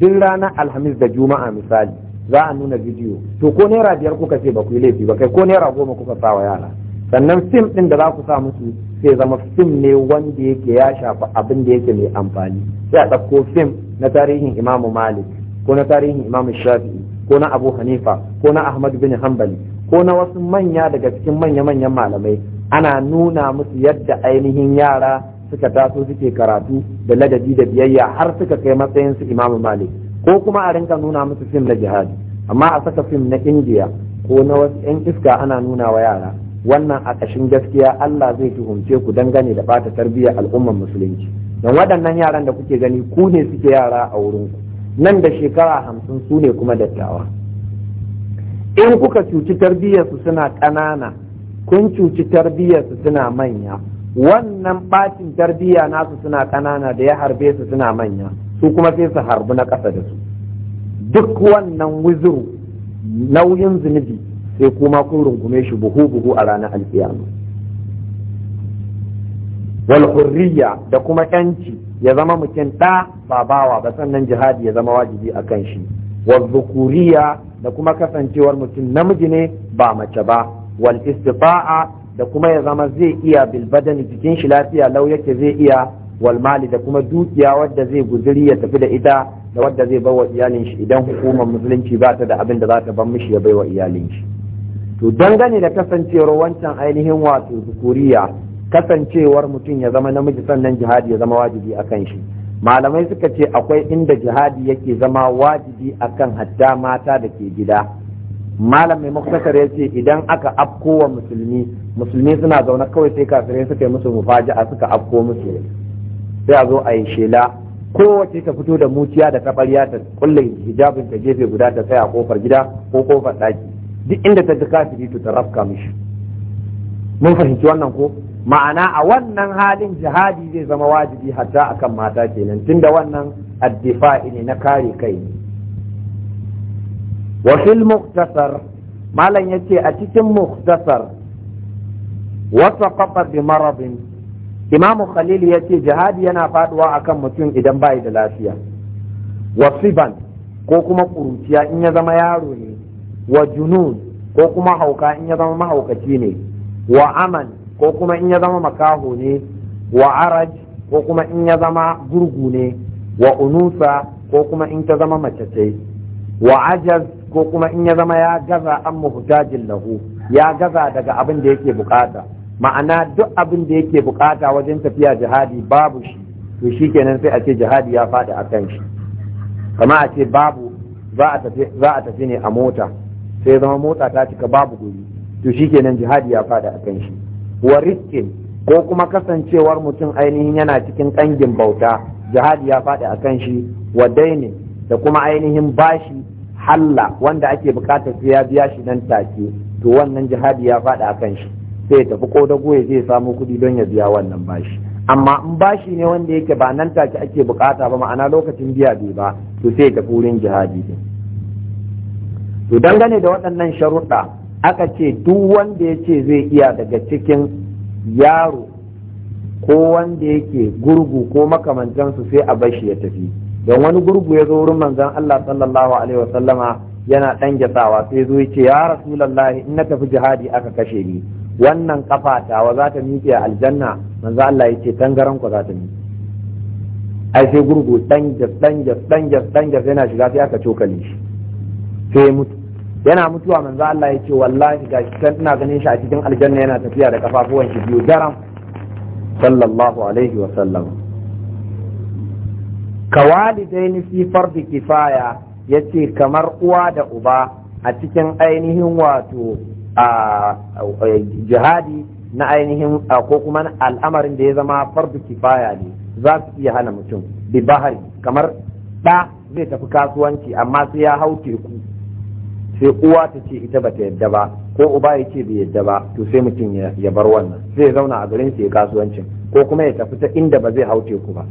duk ranar alhamis da juma'a misali za a nuna bidiyo to ko naira biyar kuka ce ba ku yi laifi ba kai ko naira goma kuka sa wa yara sannan fim din da za ku sa musu sai zama fim ne wanda yake ya shafa abin da yake mai amfani sai a ɗauko fim na tarihin imamu malik ko na tarihin imamu shafi'i ko na abu hanifa ko na ahmad bin hanbali ko na wasu manya daga cikin manya-manyan malamai ana nuna musu yadda ainihin yara suka taso suke karatu da ladabi da biyayya har suka kai matsayin su imamu malik ko kuma a rinka nuna musu fim na jihadi amma a saka fim na indiya ko na wasu 'yan iska ana nuna wa yara wannan a ƙashin gaskiya Allah zai tuhumce ku dangane da bata tarbiyyar al'ummar musulunci don waɗannan yaran da kuke gani ku ne suke yara a wurinku nan da shekara hamsin su ne kuma dattawa in kuka cuci tarbiyyarsu suna ƙanana kun cuci tarbiyyarsu suna manya wannan ɓacin tarbiyya nasu suna ƙanana da ya harbe su suna manya su kuma sai su harbi na ƙasa da su duk wannan wuzuru nauyin zunubi sai kuma kun rungume shi buhu buhu a ranar alkiyama wal hurriya da kuma yanci ya zama mutum ɗa ba bawa ba sannan jihadi ya zama wajibi a kan shi wal zukuriya da kuma kasancewar mutum namiji ne ba mace ba wal istifa'a da kuma ya zama zai iya bilbadan jikin shi lafiya lau yake zai iya wal mali da kuma dukiya wanda zai guzuri ya tafi da ita da wanda zai bawa iyalin shi idan hukumar musulunci ba ta da abin da za ta ban mishi ya baiwa iyalin shi to dangane da kasancewar wancan ainihin wato zukuriya kasancewar mutum ya zama namiji sannan jihadi ya zama wajibi akan shi malamai suka ce akwai inda jihadi yake zama wajibi akan hatta mata da ke gida malam mai muktasar ya ce idan aka afko wa musulmi musulmi suna zaune kawai sai kafirai suka yi musu mufaja'a suka afko musu sai a zo a yi shela kowace ta fito da muciya da taɓarya ta kulle hijabin ta gefe guda ta tsaya kofar gida ko kofar daki duk inda ta ji kafiri to ta rafka mishi mun fahimci wannan ko ma'ana a wannan halin jihadi zai zama wajibi hatta akan mata kenan tunda wannan addifa'i ne na kare kai wa fil muktasar malam yace a cikin muktasar wasa bi maradin imamu khalil ya ce jihadi yana faduwa akan mutum idan bai da lafiya Wa wasiban ko kuma kuruciya in ya zama yaro ne wa junun ko kuma hauka in ya zama mahaukaci ne wa aman ko kuma in ya zama makaho ne wa araj ko kuma in ya zama gurgu ne wa unusa ko kuma in ta zama mace ce wa ajaz ko kuma in ya zama ya gaza an muhtajin lahu ya gaza daga abin da yake bukata ma'ana duk abin da yake bukata wajen tafiya jihadi babu shi to shi kenan sai a ce jihadi ya faɗi a kan shi kama a ce babu za a tafi ne a mota sai zama mota ta cika babu guri to shi kenan jihadi ya faɗi a kan shi wa rikin ko kuma kasancewar mutum ainihin yana cikin ƙangin bauta jihadi ya faɗi a kan shi wa daini da kuma ainihin bashi halla wanda ake bukatar sai ya biya shi nan take to wannan jihadi ya faɗi a kan shi sai ya tafi kodago ya zai samu kuɗi don ya biya wannan bashi amma in bashi ne wanda yake ba nan take ake bukata ba ma'ana lokacin biya bai ba to sai ya tafi wurin jihadi din to dangane da waɗannan sharuɗa aka ce duk wanda ya ce zai iya daga cikin yaro ko wanda yake gurgu ko makamantansu sai a bashi ya tafi don wani gurgu ya zo wurin manzon Allah sallallahu alaihi wasallama yana ɗan gyasawa sai zo ya ce ya rasulullahi in na tafi jihadi aka kashe ni wannan kafa tawa za ta miƙe a aljanna manzo Allah ya ce tangaran ku za ta miƙe ai sai gurgu dan jas dan jas dan jas dan jas yana shiga sai aka cokale shi sai mutu yana mutuwa manzo Allah ya ce wallahi ga shi ina ganin shi a cikin aljanna yana tafiya da kafafuwan shi biyu daram sallallahu alaihi wa sallam kawalidaini fi fardi kifaya yace kamar uwa da uba a cikin ainihin wato a jihadi na ainihin ko kuma al'amarin da ya zama fardu kifaya ne za su iya hana mutum bi bahari kamar ɗa zai tafi kasuwanci amma sai ya hau teku sai uwa ta ce ita ba ta yadda ba ko uba ya ce bai yadda ba to sai mutum ya bar wannan zai zauna a garin sai kasuwancin ko kuma ya tafi ta inda ba zai hau teku ba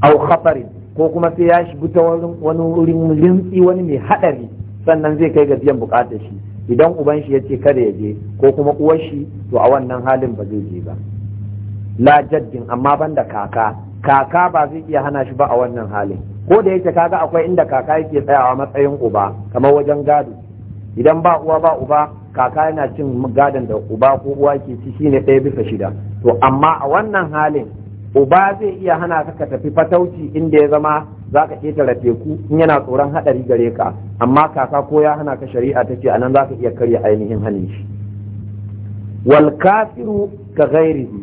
au khatari ko kuma sai ya shiga ta wani wurin rintsi wani mai haɗari sannan zai kai ga biyan bukatar shi idan uban shi ya ce kada ya je ko kuma uwar shi to a wannan halin ba zai je ba la jaddin amma banda kaka kaka ba zai iya hana shi ba a wannan halin ko da yake kaga akwai inda kaka yake tsayawa matsayin uba kamar wajen gado idan ba uwa ba uba kaka yana cin gadon da uba ko uwa ke ci shine ɗaya bisa shida to amma a wannan halin uba zai iya hana ka ka tafi fatauci inda ya zama za ka teku in yana tsoron haɗari gare ka amma kaka ko ya hana ka shari'a ta ce anan za ka iya karya ainihin hannun shi wal kafiru ka ghairihi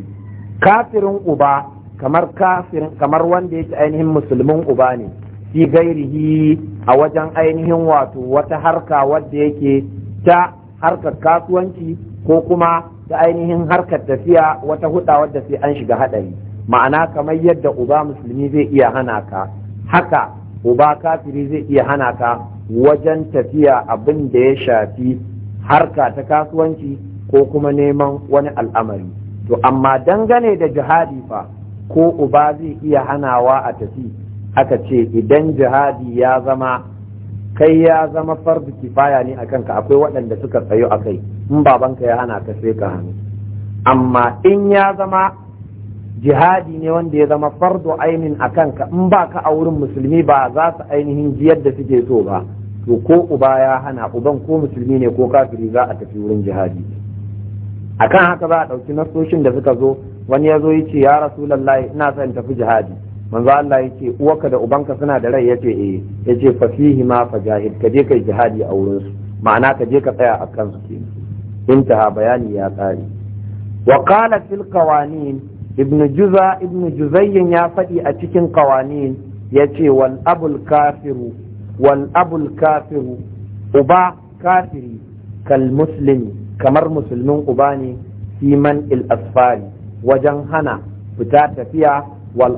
kafirin uba kamar kafirin kamar wanda yake ainihin musulmin uba ne fi gairihi a wajen ainihin wato wata harka wadda yake ta harkar kasuwanci ko kuma ta ainihin harkar tafiya wata huɗa wadda sai an shiga haɗari ma'ana kamar yadda uba musulmi zai iya hana ka haka uba kafiri zai iya hana ka wajen tafiya abin da ya shafi harka ta kasuwanci ko kuma neman wani al'amari to amma dangane da jihadi fa ko uba zai iya hanawa a tafi aka ce idan jihadi ya zama kai ya zama farbi kifaya ne akan ka akwai waɗanda suka tsayo a kai in babanka ya hana ka sai ka hannu amma in ya zama jihadi ne wanda ya zama fardu ainihin a kanka in ba ka a wurin musulmi ba za su ainihin ji yadda suke so ba to ko uba ya hana uban ko musulmi ne ko kafiri za a tafi wurin jihadi a kan haka za a ɗauki nasoshin da suka zo wani ya zo ya ce ya lallai ina son tafi jihadi manzo Allah ya ce uwarka da ubanka suna da rai ya e eh ce fasihi ma fa jahil ka je kai jihadi a wurin su ma'ana ka je ka tsaya a kansu kenan intaha bayani ya tsari. wa qala fil qawanin ibn juza ibn juzayyin ya faɗi a cikin kawani ya ce wal abul kafiru uba kafiri kal muslimi kamar musulmin uba ne siman il asfari wajen hana fita tafiya wal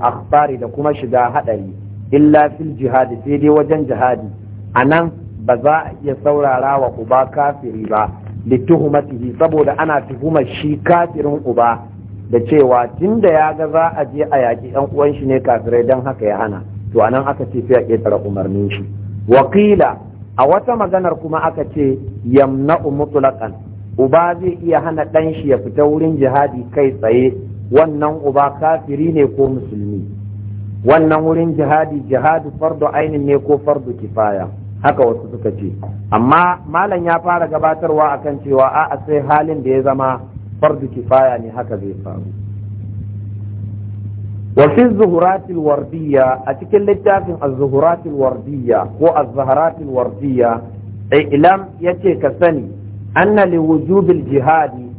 da kuma shiga haɗari illa fil jihadi sai dai wajen jihadi anan ba za a iya saurara wa uba kafiri ba lituhumatihi saboda ana tuhumar shi kafirin uba da cewa tun da ya ga za a je a yaƙi ɗan uwan shi ne kafirai don haka ya hana to anan aka ce sai a ƙetare umarnin shi wakila a wata maganar kuma aka ce yamna'u Mutulakan, uba zai iya hana ɗan shi ya fita wurin jihadi kai tsaye wannan uba kafiri ne ko musulmi wannan wurin jihadi jihadi fardu ainin ne ko fardu kifaya haka wasu suka ce amma malam ya fara gabatarwa akan cewa a'a sai halin da ya zama farbi kifaya ne haka zai faru wafi zuhuratul wardiya a cikin littafin zuhuratul wardiya ko zuhuratul wardiya a ilam ya ce ka sani anna li wujubil jihadi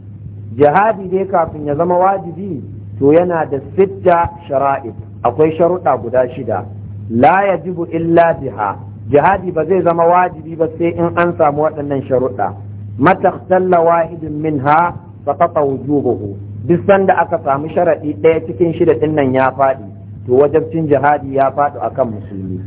jihadi dai kafin ya zama wajibi to yana da sitta shara'id akwai sharuɗa guda shida la yajibu illa jiha. jihadi ba zai zama wajibi ba sai in an samu waɗannan sharuɗa matakhtalla wahidin minha sakata wujubuhu duk sanda aka samu sharadi ɗaya cikin shida ɗin nan ya faɗi to wajabcin jihadi ya faɗi akan musulmi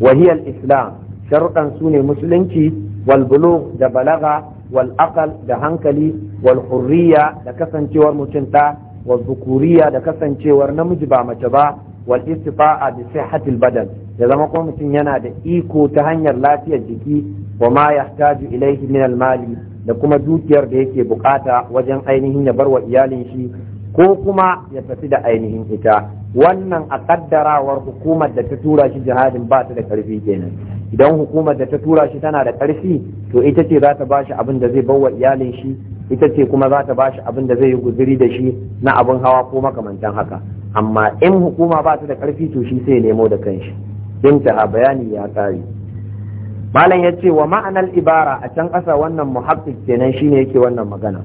wahiyar islam sharuɗan su ne musulunci wal bulugh da balaga wal aqal da hankali wal hurriya da kasancewar mutum ɗa wal zukuriya da kasancewar namiji ba mace ba wal istifa'a bi sihhatil badal ya zama kuma mutum yana da iko ta hanyar lafiyar jiki wa ma yahtaju ilaihi min al mali da kuma dukiyar da yake bukata wajen ainihin ya barwa iyalin shi ko kuma ya tafi da ainihin ita wannan a kaddarawar hukumar da ta tura shi jihadin ba ta da karfi kenan idan hukumar da ta tura shi tana da karfi to ita ce za ta bashi abin da zai bawa iyalin shi ita ce kuma za ta bashi abin da zai yi guziri da shi na abin hawa ko makamantan haka amma in hukuma ba ta da karfi to shi sai nemo da kanshi a bayani ya kare malam ya ce wa ma'anar ibara a can ƙasa wannan muhaqqik kenan shine yake wannan magana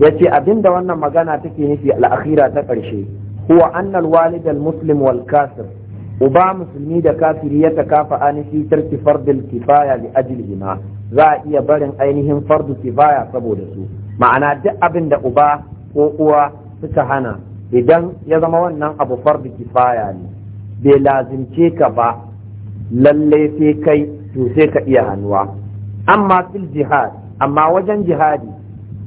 ya ce abinda wannan magana take nufi al'akhira ta ƙarshe huwa annal walid al muslim wal kafir uba musulmi da kafiri ya takafa anifi tarki fardil kifaya li ajlihima za a iya barin ainihin fardu kifaya saboda su ma'ana duk abin da uba ko uwa suka hana idan ya zama wannan abu fardu kifaya ne bai lazimce ka ba lalle sai kai to sai ka iya hannuwa amma fil jihad amma wajen jihadi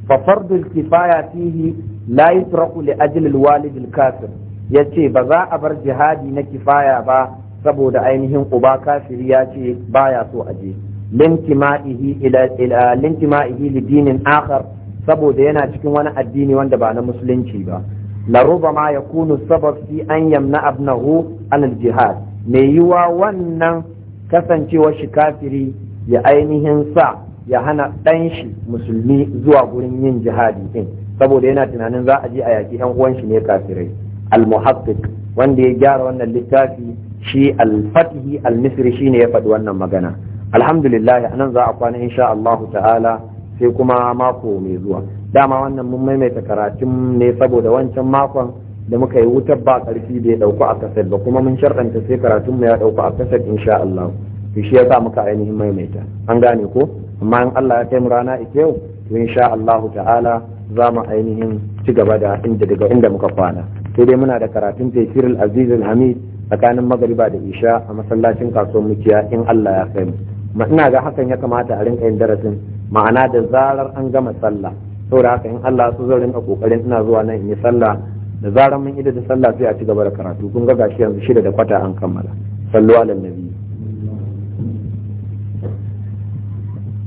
fa fardul kifaya fihi la yutraku li ajli al walid al kafir yace ba za a bar jihadi na kifaya ba saboda ainihin uba kafiri ya ce baya so a lintima'ihi ila lintima'ihi li dinin akhar saboda yana cikin wani addini wanda ba na musulunci ba larubama ya kunu sabab fi an yamna abnahu an jihad mai yiwa wannan kasancewar shi kafiri ya ainihin sa ya hana ɗan shi musulmi zuwa gurin yin jihadi din saboda yana tunanin za a je a yaki ɗan uwan shi ne kafirai al-muhaqqiq wanda ya gyara wannan littafi shi al-fatihi al-misri shine ya faɗi wannan magana alhamdulillah anan za a kwana insha Allah ta'ala sai kuma mako mai zuwa dama wannan mun maimaita karatun ne saboda wancan makon da muka yi wutar ba ƙarfi bai ɗauku a kasar ba kuma mun sharɗanta sai karatun mu ya ɗauku a kasar insha Allah to shi yasa muka ainihin maimaita an gane ko amma in Allah ya kai mu rana ita yau to insha Allah ta'ala za mu ainihin ci gaba da inda daga inda muka kwana sai dai muna da karatun tafsir al-aziz hamid tsakanin magariba da isha a masallacin kasuwar mukiya in Allah ya kai mu ina ga hakan ya kamata a rinka yin darasin ma'ana da zarar an gama sallah saboda haka in Allah su zan rinka kokarin ina zuwa nan in yi sallah da zarar mun ido da sallah sai a ci gaba da karatu kun ga gashi yanzu shida da kwata an kammala sallu ala nabi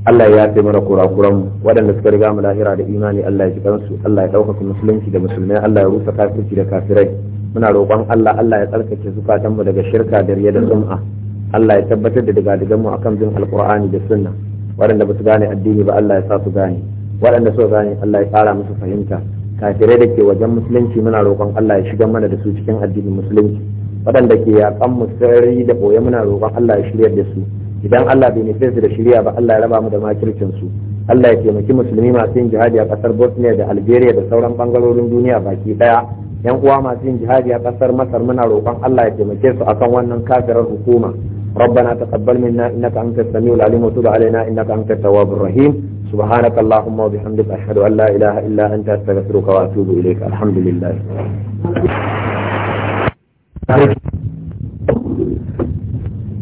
Allah ya yafe mana kurakuran waɗanda suka riga mu lahira da imani Allah ya ji kansu Allah ya ɗaukaka musulunci da musulmai Allah ya rusa kafirci da kafirai muna roƙon Allah Allah ya tsarkake zukatan mu daga shirka da riya da sum'a Allah ya tabbatar da digadigan mu akan bin alqur'ani da sunna waɗanda ba su gane addini ba Allah ya sa su gane waɗanda suka gane Allah ya ƙara musu fahimta kafirai da ke wajen musulunci muna roƙon Allah ya shigar mana da su cikin addinin musulunci waɗanda ke yaƙan musarri da boye muna roƙon Allah ya shirya da su idan Allah bai nufe su da shirya ba Allah ya raba mu da makircin su Allah ya taimaki musulmi masu yin jihadi a ƙasar Bosnia da Algeria da sauran bangarorin duniya baki ɗaya yan uwa masu yin jihadi a ƙasar Masar muna roƙon Allah ya taimake su akan wannan kafirar hukuma ربنا تقبل منا إنك أنت السميع العليم وتب علينا إنك أنت التواب الرحيم سبحانك اللهم وبحمدك أشهد أن لا إله إلا أنت أستغفرك وأتوب إليك الحمد لله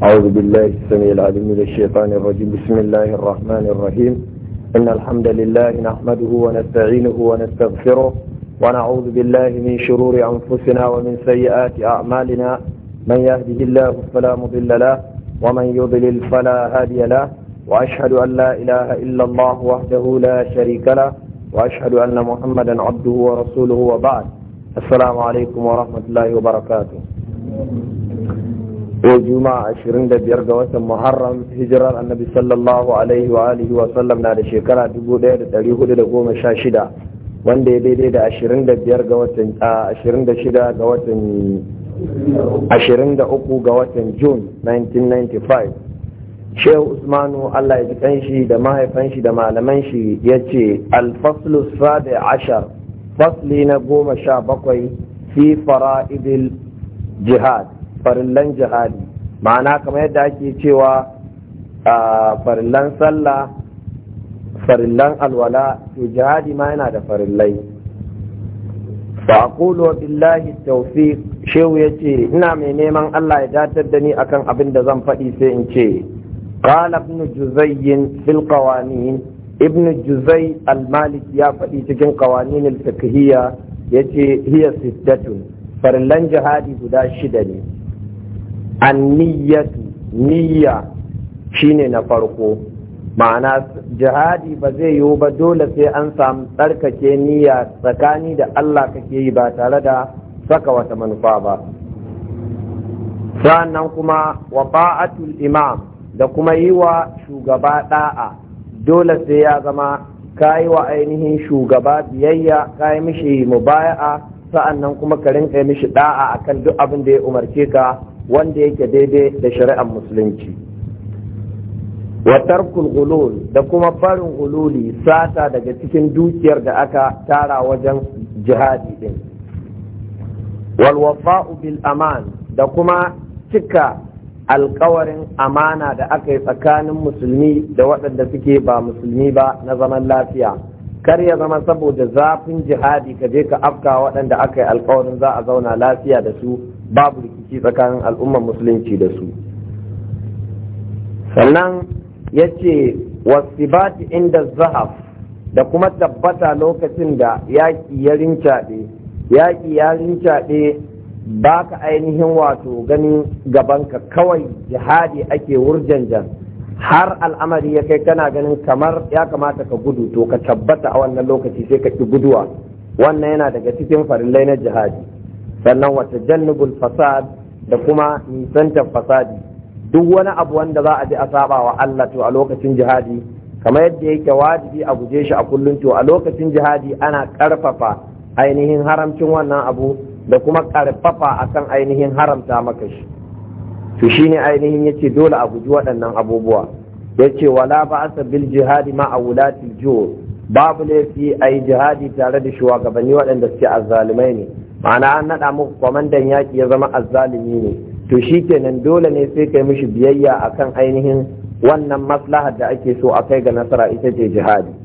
أعوذ بالله السميع العليم من الشيطان الرجيم بسم الله الرحمن الرحيم إن الحمد لله نحمده ونستعينه ونستغفره ونعوذ بالله من شرور أنفسنا ومن سيئات أعمالنا من يهده الله فلا مضل له ومن يضلل فلا هادي له وأشهد أن لا إله إلا الله وحده لا شريك له وأشهد أن محمدا عبده ورسوله وبعد السلام عليكم ورحمة الله وبركاته وجمعة عشرين دبير قوات محرم هجرة النبي صلى الله عليه وآله وسلم نادى شكرا دبو دير تليه دير قوم شاشدة wanda ya daidai da 25 ga watan 26 ga watan 23 ga watan Jun 1995 Shehu Usmanu Allah ya ji kanshi da mahaifanshi da malaman shi ya ce alfaslu sabi ashar fasli na goma sha bakwai fi fara'idil jihad farillan jihadi ma'ana kamar yadda ake cewa a farillan sallah farillan alwala to jihadi ma yana da farillai fa aqulu billahi tawfiq shehu ya ce ina mai neman Allah ya datar da ni akan abin da zan faɗi sai in ce qala ibn juzayyin fil qawanin ibn juzay al-malik ya faɗi cikin qawanin al-fiqhiyya yace hiya sittatun farlan jihadi guda shida ne niyyatu niyya shine na farko ma'ana jihadi ba zai yiwu ba dole sai an samu tsarkake niyya tsakani da Allah kake yi ba tare da saka wata manufa ba sannan kuma wa imam da kuma yi wa shugaba da'a dole sai ya zama ka yi wa ainihin shugaba biyayya ka yi mishi mubaya'a sa'annan kuma ka rinka mishi da'a akan duk abin da ya umarce ka wanda yake daidai da shari'ar musulunci wa tarkul gulul da kuma farin gululi sata daga cikin dukiyar da aka tara wajen jihadi din walwafa'u bil aman da kuma cika alkawarin amana da aka yi tsakanin musulmi da waɗanda suke ba musulmi ba na zaman lafiya kar ya zama saboda zafin jihadi ka je ka afka waɗanda aka yi alkawarin za a zauna lafiya da su babu rikici tsakanin al'ummar musulunci da su sannan ya ce wasu inda zahaf da kuma tabbata lokacin da yaƙi ya rincaɗe yaƙi ya rincaɗe ba ka ainihin wato ganin gabanka kawai jihadi ake wurjanjan har al'amari ya kai kana ganin kamar ya kamata ka gudu to ka tabbata a wannan lokaci sai ka ki guduwa wannan yana daga cikin farillai na jihadi sannan wata jannubul fasad da kuma nisantar fasadi duk wani abu wanda za a ji a saba wa Allah to a lokacin jihadi kamar yadda yake wajibi a guje shi a kullum to a lokacin jihadi ana karfafa ainihin haramcin wannan abu da kuma karfafa akan ainihin haramta maka shi to shine ainihin yace dole a guji waɗannan abubuwa yace wala ba'asa bil jihadi ma awlatil jur babu laifi a yi jihadi tare da shugabanni waɗanda suke azzalumai ne ma'ana an naɗa muku kwamandan yaƙi ya zama azzalumi ne to shi kenan dole ne sai kai mishi biyayya akan ainihin wannan maslahar da ake so a kai ga nasara ita ce jihadi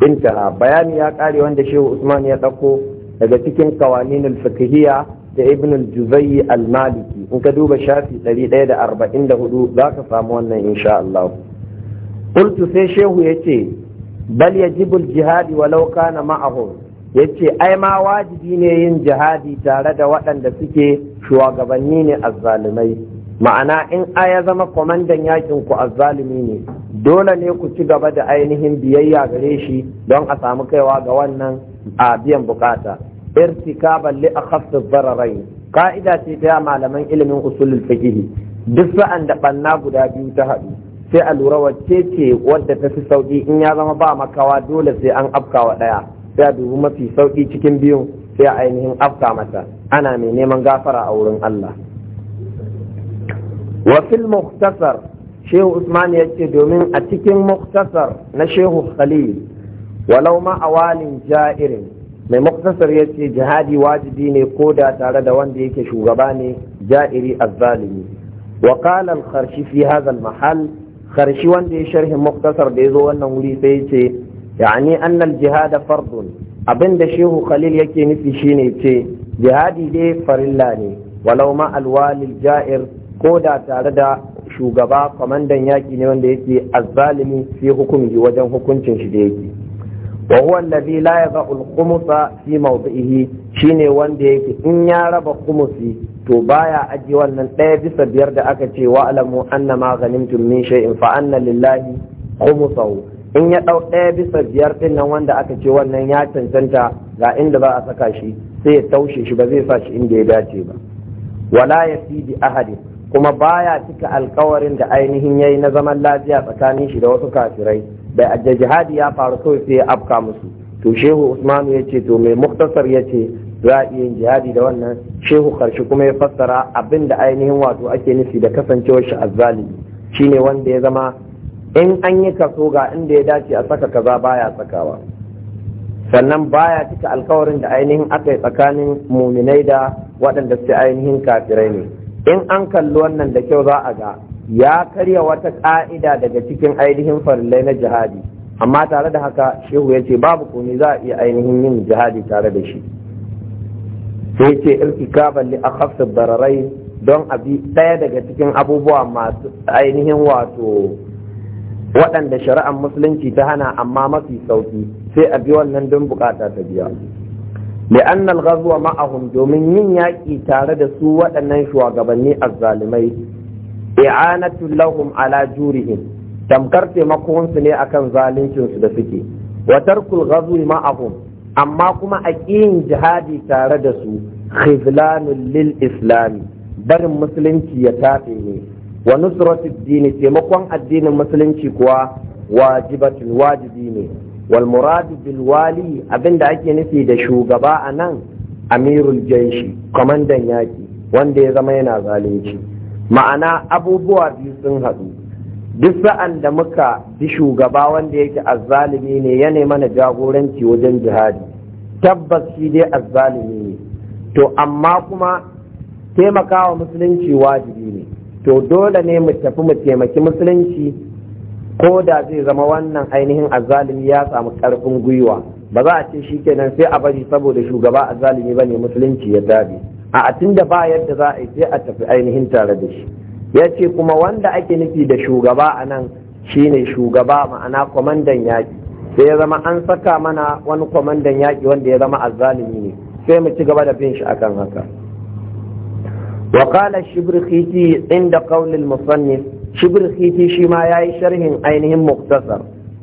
Binta, bayani ya kare wanda shehu usman ya ɗauko daga cikin kawanin alfikihiyya da ibn al-juzayyi al-maliki in ka duba shafi ɗari ɗaya da arba'in 144 za ka samu wannan insha Allah qultu sai shehu yace bal yajibu Jihadi jihad walau kana ma'ahum yace ai ma wajibi ne yin jihadi tare da waɗanda suke shugabanni ne azzalumai ma'ana in a ya zama kwamandan yakin ku azzalimi ne dole ne ku ci gaba da ainihin biyayya gare shi don a samu kaiwa ga wannan a biyan bukata irtikaban li akhaffi dararai ka'ida ce ta malaman ilimin usulul fiqh duk sa'an da banna guda biyu ta haɗu sai a lura wacce ce wadda ta fi sauki in ya zama ba makawa dole sai an afka wa ɗaya sai a dubi mafi sauki cikin biyun sai a ainihin afka mata ana mai neman gafara a wurin Allah wa muktasar shehu usman ya ce domin a cikin muktasar na shehu khalil walau ma walin ja'irin mai muktasar ya ce jihadi wajibi ne ko da tare da wanda yake shugaba ne ja'iri azzalimi wa qala al-kharshi fi hadha wanda ya sharhi muktasar da yazo wannan wuri sai ce yani anna al-jihad fardun abinda shehu khalil yake nufi shine ce jihadi dai farilla ne walau ma al ja'ir ko da tare da shugaba kwamandan yaƙi ne wanda yake azzalimi fi hukumi wajen hukuncin shi da yake wa huwa allazi la yadh'u al-khumsa fi mawdihi shine wanda yake in ya raba khumsi to baya aji wannan ɗaya bisa biyar da aka ce wa alamu anna ma ghanimtum min shay'in fa anna lillahi khumsahu in ya dau ɗaya bisa biyar ɗin nan wanda aka ce wannan ya cancanta ga inda ba a saka shi sai ya taushe shi ba zai sa shi inda ya dace ba wala ya fi bi ahadin kuma baya cika alkawarin da ainihin yayi na zaman lafiya tsakanin shi da wasu kafirai da da jihadi ya faru kawai sai ya afka musu to shehu usman ya ce to mai muktasar ya ce za a iya jihadi da wannan shehu karshe kuma ya fassara abin da ainihin wato ake nufi da kasancewar shi azzalimi shine wanda ya zama in an yi kaso ga inda ya dace a saka kaza baya sakawa sannan baya cika alkawarin da ainihin aka yi tsakanin muminai da waɗanda su ainihin kafirai ne in an kalli wannan da kyau za a ga ya karya wata ka'ida daga cikin ainihin farillai na jihadi amma tare da haka shehu ya ce babu komi za a iya ainihin yin jihadi tare da shi sai ce irtikaban li akhaffi bararai don abi ɗaya daga cikin abubuwa masu ainihin wato waɗanda shari'ar musulunci ta hana amma mafi sauki sai a bi wannan don bukata ta biya لأن الغزو معهم domin yin yaƙi tare da su waɗannan قبلني الظالمين إعانة لهم على جورهم tamkar taimakon su ne akan zaluncinsu da suke Watarkul tarkul ghazwi ma'ahum amma kuma a ƙiyin jihadi tare da su khizlanul islami barin musulunci ya tafe ne wa dini taimakon addinin musulunci kuwa wajibatun wajibi ne wal muradu bil wali abinda ake nufi da shugaba a nan amirul Jayshi, kwamandan yaki wanda ya zama yana zalunci ma'ana abubuwa biyu sun hadu. duk sa'an da muka bi shugaba wanda yake azzalimi ne ya mana jagoranci wajen jihadi tabbas shi dai azzalimi ne to amma kuma taimakawa musulunci wajibi ne to dole ne mu tafi mu taimaki musulunci ko da zai zama wannan ainihin azzalimi ya samu karfin gwiwa ba za a ce shi kenan sai a bari saboda shugaba azzalimi bane musulunci ya dabe a tun da ba yadda za a yi sai a tafi ainihin tare da shi ya ce kuma wanda ake nufi da shugaba a nan shine shugaba ma'ana kwamandan yaƙi sai ya zama an saka mana wani kwamandan yaƙi wanda ya zama azzalimi ne sai mu ci gaba da bin shi akan haka وقال الشبرخيتي عند قول المصنف shibir siti shi ma ya yi sharhin ainihin muktasar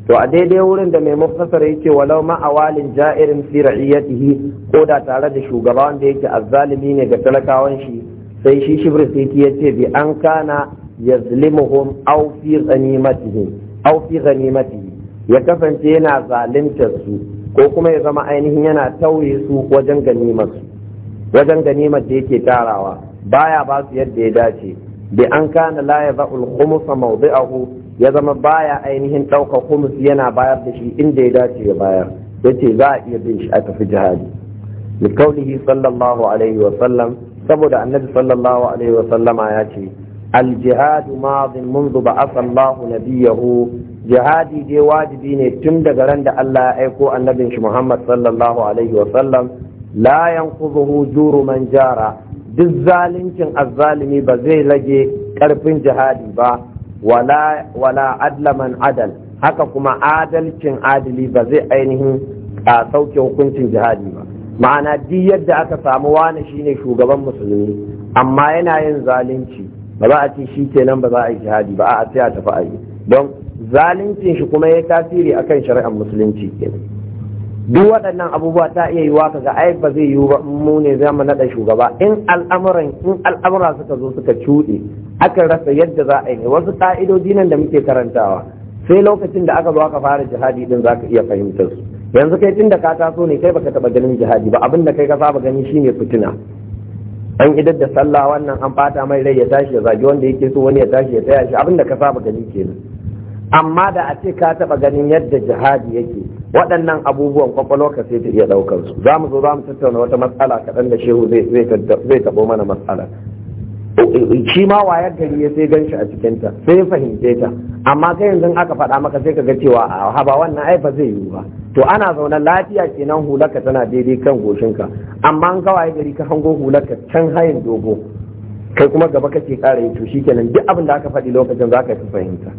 to a daidai wurin da mai muktasar ya ce walau ma a walin ja'irin fi ra'iyatihi ko da tare da shugaba wanda yake azzalimi ne ga talakawan shi sai shi shibir siti ya ce bi an kana yazlimuhum aw fi ghanimatihim aw fi ghanimatihi ya kasance yana zaluntar su ko kuma ya zama ainihin yana tauye su wajen ganimar wajen ganimar da yake tarawa baya ba su yadda ya dace bi an kana la ya za'ul khumsa mawdi'ahu ya zama baya ainihin ɗaukar khumus yana bayar da shi inda ya dace ya bayar yace za a iya bin shi a tafi jihadi li qawlihi sallallahu alaihi wa sallam saboda annabi sallallahu alaihi wa sallama ya ce al jihadu madin منذ بعث الله نبيه jihadi dai wajibi ne tun daga ran da Allah ya aiko annabin shi Muhammad sallallahu alaihi wa sallam la yanquduhu juru man jara duk zalincin azzalimi ba zai rage karfin jihadi ba wala wala adlaman adal haka kuma adalcin adili ba zai ainihin a sauke hukuncin jihadi ba ma'ana duk yadda aka samu wani shine shugaban musulmi amma yana yin zalunci ba za a ce shi kenan ba za a yi jihadi ba a sai a tafi a yi don zaluncin shi kuma ya tasiri akan shari'ar musulunci kenan duk waɗannan abubuwa ta iya yiwa ka ga ai ba zai yiwu ba mu ne za mu naɗa shugaba in al'amuran in al'amura suka zo suka cuɗe aka rasa yadda za a yi wasu ƙa'idoji nan da muke karantawa sai lokacin da aka zo aka fara jihadi din za ka iya fahimtar su yanzu kai tunda ka taso ne kai baka taɓa ganin jihadi ba abin da kai ka saba gani shine fitina an idar da sallah wannan an fata mai rai ya tashi ya zagi wanda yake so wani ya tashi ya tsaya shi abin da ka saba gani kenan amma da a ce ka taɓa ganin yadda jihadi yake waɗannan abubuwan ka sai ta iya ɗaukar su za mu zo za mu tattauna wata matsala kaɗan da shehu zai taɓo mana matsala shi ma wayar gari ya sai ganshi a cikinta sai fahimce ta amma kai yanzu aka faɗa maka sai ka ga cewa a haba wannan ai zai yiwu ba to ana zaune lafiya kenan hularka tana daidai kan goshinka amma an kawaye gari ka hango hularka can hayan dogo kai kuma gaba kake ƙara yi to shikenan duk abin da aka faɗi lokacin za ka fi fahimta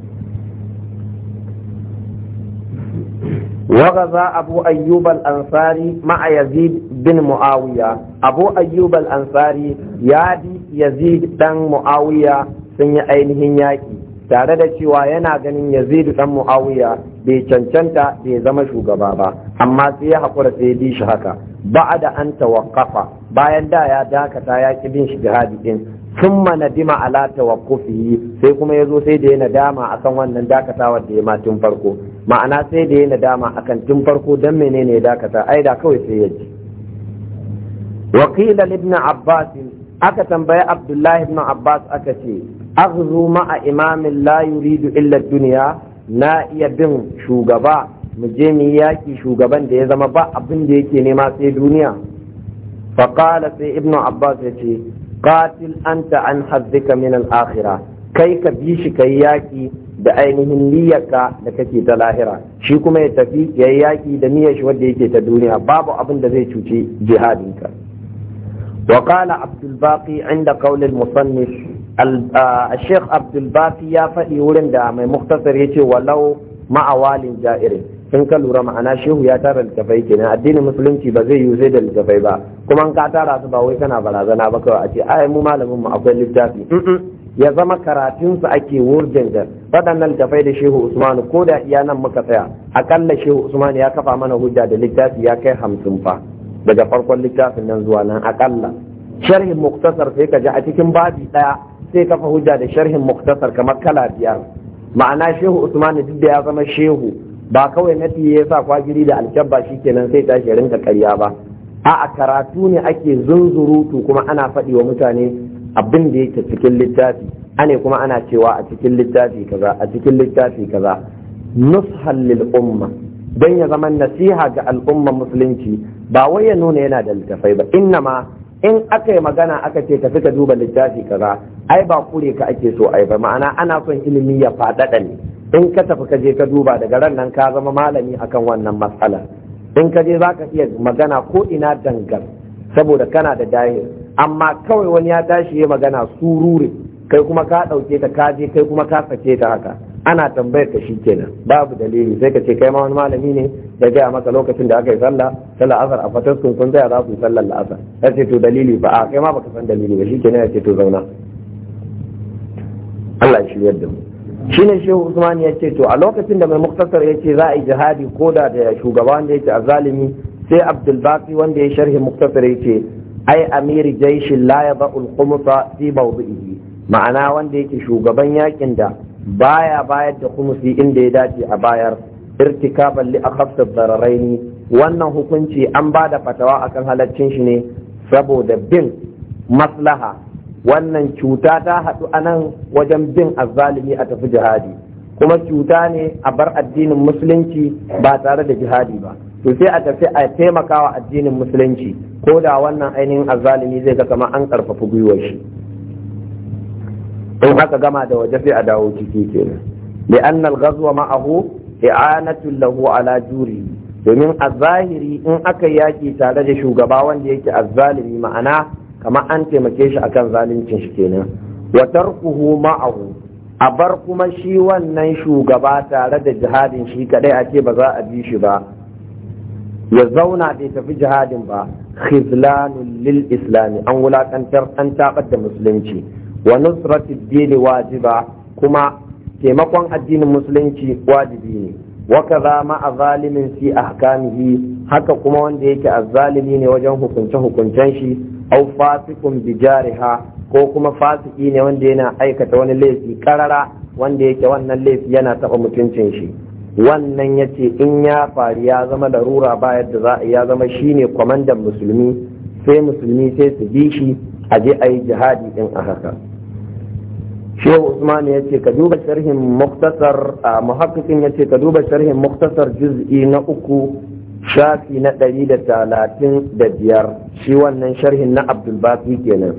وغزا أبو أيوب الأنصاري مع يزيد بن معاوية أبو أيوب الأنصاري يادي يزيد بن معاوية سنة ainihin ياكي tare da cewa yana ganin Yazid dan muawiya bai cancanta bai zama shugaba ba amma sai ya hakura sai bi shi haka ba'a da an tawaqqafa bayan da ya dakata ya ki bin shi jihadi din tun mana dima ala tawakkufi sai kuma ya zo sai da ya nadama akan wannan dakatawar da ya ma tun farko ma'ana sai da ya nadama akan tun farko don menene ya dakata ai da kawai sai ya ji wakila ibn abbas aka tambaya abdullahi ibn abbas aka ce aghzu a imamin la yuridu illa duniya na iya bin shugaba mu je mu yaki shugaban da ya zama ba abin da yake nema sai duniya faqala sai ibn abbas ya ce qatil anta an hazzika min al-akhirah kai ka bi shi kai yaki da ainihin niyyarka da kake ta lahira shi kuma ya tafi ya yaki da niyyar shi wanda yake ta duniya babu abin da zai cuci jihadinka وقال عبد الباقي عند قول المصنف الشيخ عبد الباقي يا فدي ورن دا مختصر يجي ولو مع وال جائر in ka lura ma'ana shehu ya tara littafai kenan addinin musulunci ba zai yi sai da littafai ba kuma in ka tara su ba wai kana barazana ba kawai a ce ai mu malamin mu akwai littafi ya zama karatun su ake wurjin da waɗannan littafai da shehu usmanu ko da iya nan muka tsaya akalla shehu usmanu ya kafa mana hujja da littafi ya kai hamsin fa daga farkon littafin nan zuwa nan akalla sharhin muktasar sai ka ji a cikin babi ɗaya sai kafa hujja da sharhin muktasar kamar kala biyar ma'ana shehu usmanu duk da ya zama shehu ba kawai nafi ya sa kwagiri da alkyabba kenan sai tashi rinka karya ba a karatu ne ake zunzurutu kuma ana faɗi wa mutane abin da yake cikin littafi ane kuma ana cewa a cikin littafi kaza a cikin littafi kaza nushal lil umma dan ya zama nasiha ga al'umma musulunci ba wai ya nuna yana da littafai ba inna ma in aka yi magana aka ce tafi ka duba littafi kaza ai ba kure ka ake so ai ba ma'ana ana son ilimi ya faɗaɗa ne in ka tafi ka je ka duba daga ran nan ka zama malami akan wannan matsala in ka je za ka iya magana ko ina dangar saboda kana da daye amma kawai wani ya tashi ya magana surure kai kuma ka ɗauke ta ka je kai kuma ka sake ta haka ana tambayar ka kenan babu dalili sai ka ce kai ma wani malami ne da gaya maka lokacin da aka yi sallah sallah asar a sun kun tsaya za su yi sallar la'asar ya ce to dalili ba a kai ma baka san dalili ba shikenan ya ce to zauna Allah ya shiryar da mu shine shehu usman ya ce to a lokacin da mai muktasar ya ce za a yi jihadi ko da da shugaba wanda ya ce a zalimi sai abdulbaki wanda ya sharhi muktasar ya ce ai amiri jaishin la ya ba'ul kumusa fi mawdihi ma'ana wanda yake shugaban yakin da baya bayar da kumusi inda ya dace a bayar irtikaban li akhafta dararaini wannan hukunci an ba da fatawa akan halaccin shi ne saboda bin maslaha wannan cuta ta haɗu a nan wajen bin azzalimi a tafi jihadi kuma cuta ne a bar addinin musulunci ba tare da jihadi ba to sai a tafi a taimakawa addinin musulunci ko da wannan ainihin azzalimi zai ga kama an karfafi gwiwar shi in aka gama da waje sai a dawo ciki kenan li'an al-ghazwa ma'ahu i'anatu lahu ala juri domin a zahiri in aka yaki tare da shugaba wanda yake azzalimi ma'ana kamar an taimake shi akan zaluncin shi kenan wa tarkuhu ma'ahu a bar kuma shi wannan shugaba tare da jihadin shi kadai a ce ba za a bi shi ba ya zauna bai tafi jihadin ba khizlanun lil islami an wulakantar an tabar da musulunci wa nusratu dini wajiba kuma taimakon addinin musulunci wajibi ne wa kaza ma azalimin fi ahkamihi haka kuma wanda yake azzalimi ne wajen hukunce hukuncen shi au fasikun bijariha ko kuma fasiki ne wanda yana aikata wani laifi karara wanda yake wannan laifi yana taba mutuncin shi wannan yace in ya faru ya zama larura ba yadda za a ya zama shine kwamandan musulmi sai musulmi sai su bi shi a je a yi jihadi din a haka shehu usman ya ce ka duba sharhin muktasar muhaqqiqin ya ce ka duba sharhin muktasar juz'i na uku shafi na ɗari da talatin da biyar shi wannan sharhin na abdulbaki kenan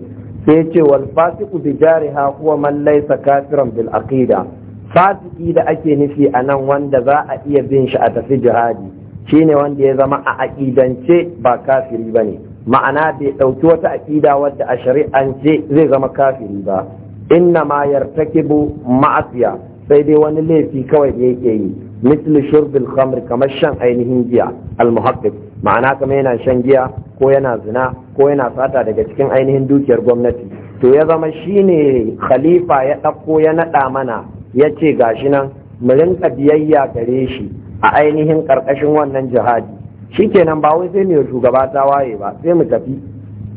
sai ce wal fasiku bi jariha huwa man laysa kafiran bil aqida fasiki da ake nufi a nan wanda za a iya bin shi a tafi jihadi shine wanda ya zama a aƙidance ba kafiri bane ma'ana bai ɗauki wata aƙida wadda a shari'ance zai zama kafiri ba inna ma yartakibu ma'asiya sai dai wani laifi kawai da yake yi misli shurbil khamr kamar shan ainihin giya almuhaqqib ma'ana kamar yana shan giya ko yana zina ko yana sata daga cikin ainihin dukiyar gwamnati to ya zama shine khalifa ya ɗauko ya naɗa mana ya ce gashi nan mu rinka biyayya gare shi a ainihin ƙarƙashin wannan jihadi Shi shikenan ba wai sai mu shugaba ta waye ba sai mu tafi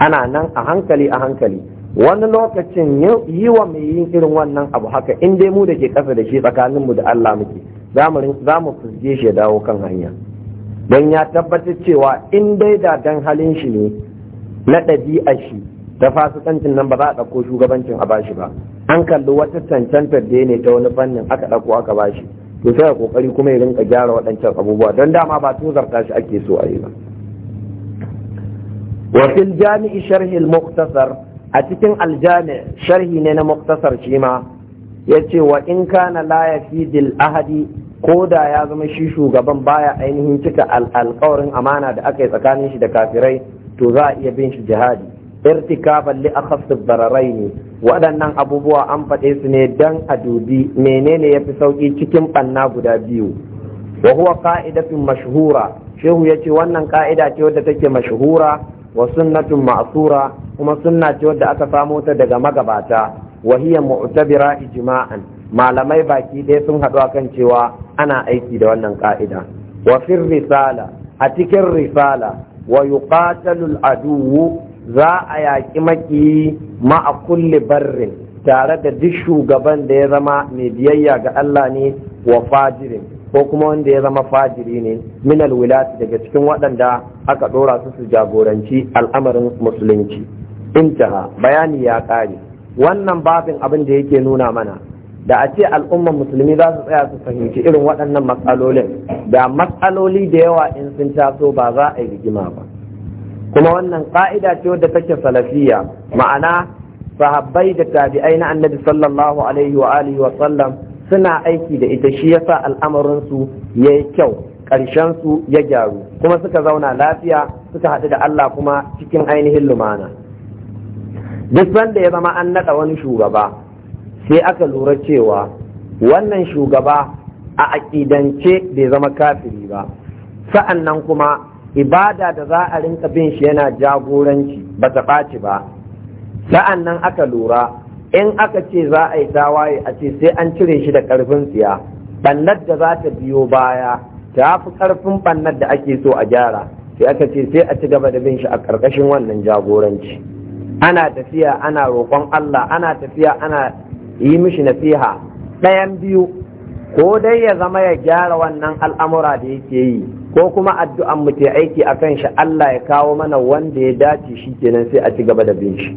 ana nan a hankali a hankali wani lokacin yi wa mai yin irin wannan abu haka in dai mu dake ƙasa da shi tsakaninmu da Allah muke za mu fuske shi ya dawo kan hanya don ya tabbatar cewa in dai da dan halin shi ne na ɗabi'a shi da fasikancin nan ba za a ɗauko shugabancin a bashi ba an kalli wata cancantar da ne ta wani fannin aka ɗauko aka bashi to sai a kokari kuma ya rinka gyara waɗancan abubuwa don dama ba tuzarta shi ake so a yi ba wa jami'i sharhi muktasar a cikin aljami sharhi ne na muktasar shi ma ya ce wa in kana la ya fi dil ahadi ko da ya zama shi shugaban baya ainihin cika alkawarin amana da aka yi tsakanin shi da kafirai to za a iya bin shi jihadi irtikaban li akhaffi ne. waɗannan abubuwa an faɗe su ne dan a dubi menene yafi sauki cikin banna guda biyu wa huwa qa'idatun mashhura shehu yace wannan ka'ida ce wadda take mashhura wa sunnatun ma'sura kuma sunna ce wadda aka samo ta daga magabata wa mu'tabira ijma'an malamai baki ɗaya sun haɗu akan cewa ana aiki da wannan ka'ida wa risala a cikin risala wa yuqatalu al-aduwu za a yaƙi maki ma'a kulli barrin tare da duk shugaban da ya zama mai biyayya ga Allah ne wa fajiri. ko kuma wanda ya zama fajiri ne min wilat daga cikin waɗanda aka ɗora su su jagoranci al'amarin musulunci intaha bayani ya ƙare wannan babin abin da yake nuna mana da a ce al'ummar musulmi za su tsaya su fahimci irin waɗannan matsalolin da matsaloli da yawa in sun taso ba za a yi rigima ba kuma wannan ƙa'ida ce wadda take salafiya ma'ana sahabbai da tabi'ai na annabi sallallahu alaihi wa alihi wa sallam suna aiki da ita shi yasa al'amarin su yayi kyau ƙarshen su ya gyaru kuma suka zauna lafiya suka haɗu da Allah kuma cikin ainihin lumana duk sanda ya zama an naɗa wani shugaba sai aka lura cewa wannan shugaba a aƙidance bai zama kafiri ba sa'an nan kuma ibada da za a rinka bin shi yana jagoranci ba ta ɓaci ba sa'an nan aka lura in aka ce za a yi tawaye a ce sai an cire shi da ƙarfin siya ɓannar da za ta biyo baya ta fi ƙarfin ɓannar da ake so a gyara sai aka ce sai a ci gaba da bin shi a ƙarƙashin wannan jagoranci. ana tafiya ana roƙon Allah ana tafiya ana yi mishi nasiha ɗayan biyu ko dai ya zama ya gyara wannan al'amura da yake yi ko kuma addu'an mu aiki a kan shi Allah ya kawo mana wanda ya dace shi kenan sai a ci gaba da bin shi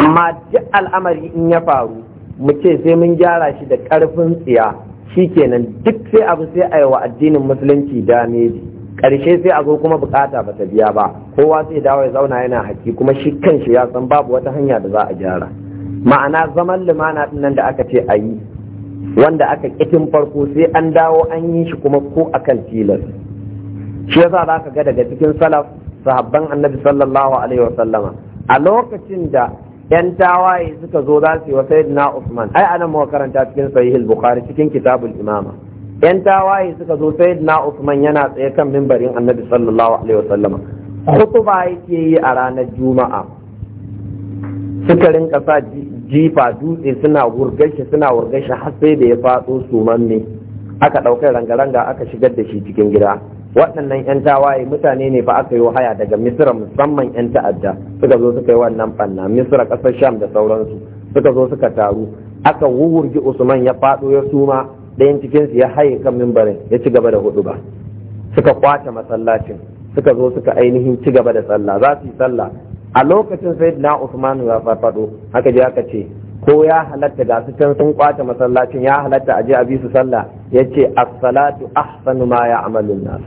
amma duk al'amari in ya faru mu ce sai mun gyara shi da ƙarfin tsiya shi kenan duk sai abu sai a yi wa addinin musulunci dameji Karshe sai a zo kuma bukata bata biya ba kowa sai dawo ya zauna yana hakki kuma shi kanshi ya san babu wata hanya da za a gyara ma'ana zaman na nan da aka ce a yi wanda aka kitin farko sai an dawo an yi shi kuma ko akan tilas shi yasa za ka ga daga cikin salaf sahabban annabi sallallahu alaihi wa sallama a lokacin da yan tawaye suka zo za su yi wa sayyidina usman ai anan mu karanta cikin sahihul bukhari cikin kitabul imama yan tawaye suka zo sai na Usman yana tsaye kan mimbarin Annabi sallallahu alaihi wasallam khutba yake yi a ranar Juma'a suka rinka sa jifa dutse suna wurgashi suna wurgashi har sai da ya faɗo sumanne aka ɗaukar rangaranga aka shigar da shi cikin gida waɗannan 'yan tawaye mutane ne fa aka yi haya daga misira musamman 'yan ta'adda suka zo suka yi wannan banna. misira ƙasar sham da sauransu suka zo suka taru aka wuwurgi usman ya faɗo ya suma ɗayan cikinsu ya haye kan mimbarin ya ci gaba da hudu ba suka kwace masallacin suka zo suka ainihin ci gaba da sallah za su yi sallah a lokacin sai na usman ya farfado haka ji aka ce ko ya halatta ga su can sun kwace masallacin ya halatta a je a bi su sallah ya ce as-salatu ahsanu ma ya'malun nas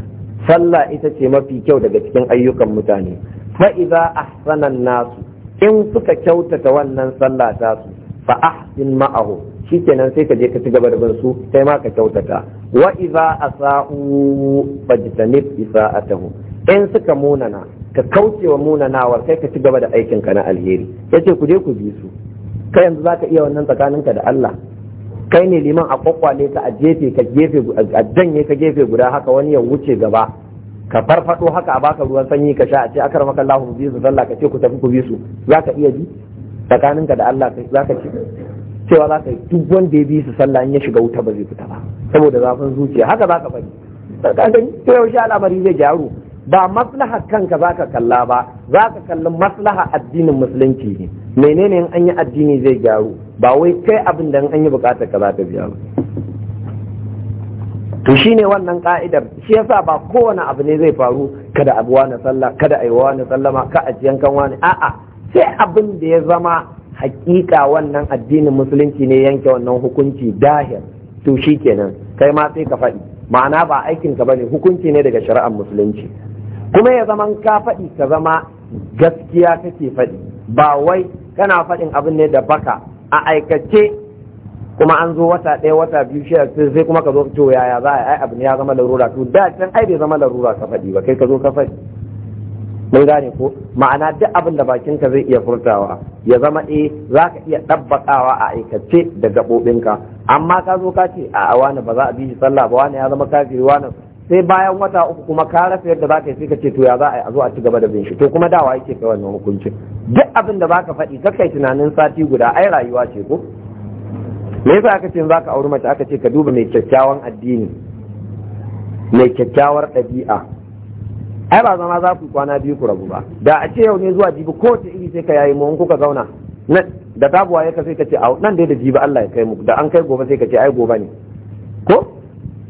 sallah ita ce mafi kyau daga cikin ayyukan mutane fa idza ahsana nasu in suka kyautata wannan sallah ta su fa ahsin ma'ahu shikenan sai ka je ka ci gaba da bin su sai ma ka kyautata wa iza asa'u fajtanib isa'atahu in suka munana ka kaucewa munanawar kai ka ci gaba da aikin ka na alheri yace ku je ku bi su kai yanzu zaka iya wannan tsakaninka da Allah kai ne liman a kokwale ka a jefe ka gefe a janye ka gefe guda haka wani ya wuce gaba ka farfado haka a baka ruwan sanyi ka sha a ce akar maka Allahu bi zalla sallah ka ce ku tafi ku bi su zaka iya bi tsakaninka da Allah zaka ci cewa za ka duk wanda ya bi su sallah in ya shiga wuta ba zai fita ba saboda zafin zuciya haka za ka bari ka to al'amari zai gyaru ba maslaha kanka za ka kalla ba za ka kalli maslaha addinin musulunci ne menene in an yi addini zai gyaru ba wai kai abin da an yi bukatar ka za ka biya ba to shine wannan ka'idar shi yasa ba kowane abu ne zai faru kada abuwa na sallah kada aiwa na sallama ka ajiyan kan wani a'a sai abin da ya zama hakika wannan addinin musulunci ne yanke wannan hukunci dahir to shi kenan kai ma sai ka faɗi ma'ana ba aikin ka bane hukunci ne daga shari'ar musulunci kuma ya zama ka faɗi ka zama gaskiya kake faɗi ba wai kana faɗin abin ne da baka a aikace kuma an zo wata ɗaya wata biyu shi sai kuma ka zo to yaya za a yi abin ya zama larura to da can ai bai zama larura ka faɗi ba kai ka zo ka faɗi mun gane ko ma'ana duk abin da bakinka zai iya furtawa ya zama eh za ka iya ɗabbaƙawa a aikace da gaɓoɓinka amma ka zo ka ce a wani ba za a bi shi sallah ba wani ya zama kafiri wani sai bayan wata uku kuma ka rasa yadda za ka yi sai ka ce to ya za a yi a zo a ci gaba da bin shi to kuma dawa yake kai wannan hukuncin duk abin da baka faɗi ka kai tunanin sati guda ai rayuwa ce ko me yasa aka ce za ka auri mace aka ce ka duba mai kyakkyawan addini mai kyakkyawar ɗabi'a ai ba zama za ku kwana biyu ku rabu ba da a ce yau ne zuwa jibi ko ta iri sai ka yayi mu kuka zauna da tabuwa ya ka sai ka ce a'u nan dai da jibi Allah ya kai mu da an kai gobe sai ka ce ai gobe ne ko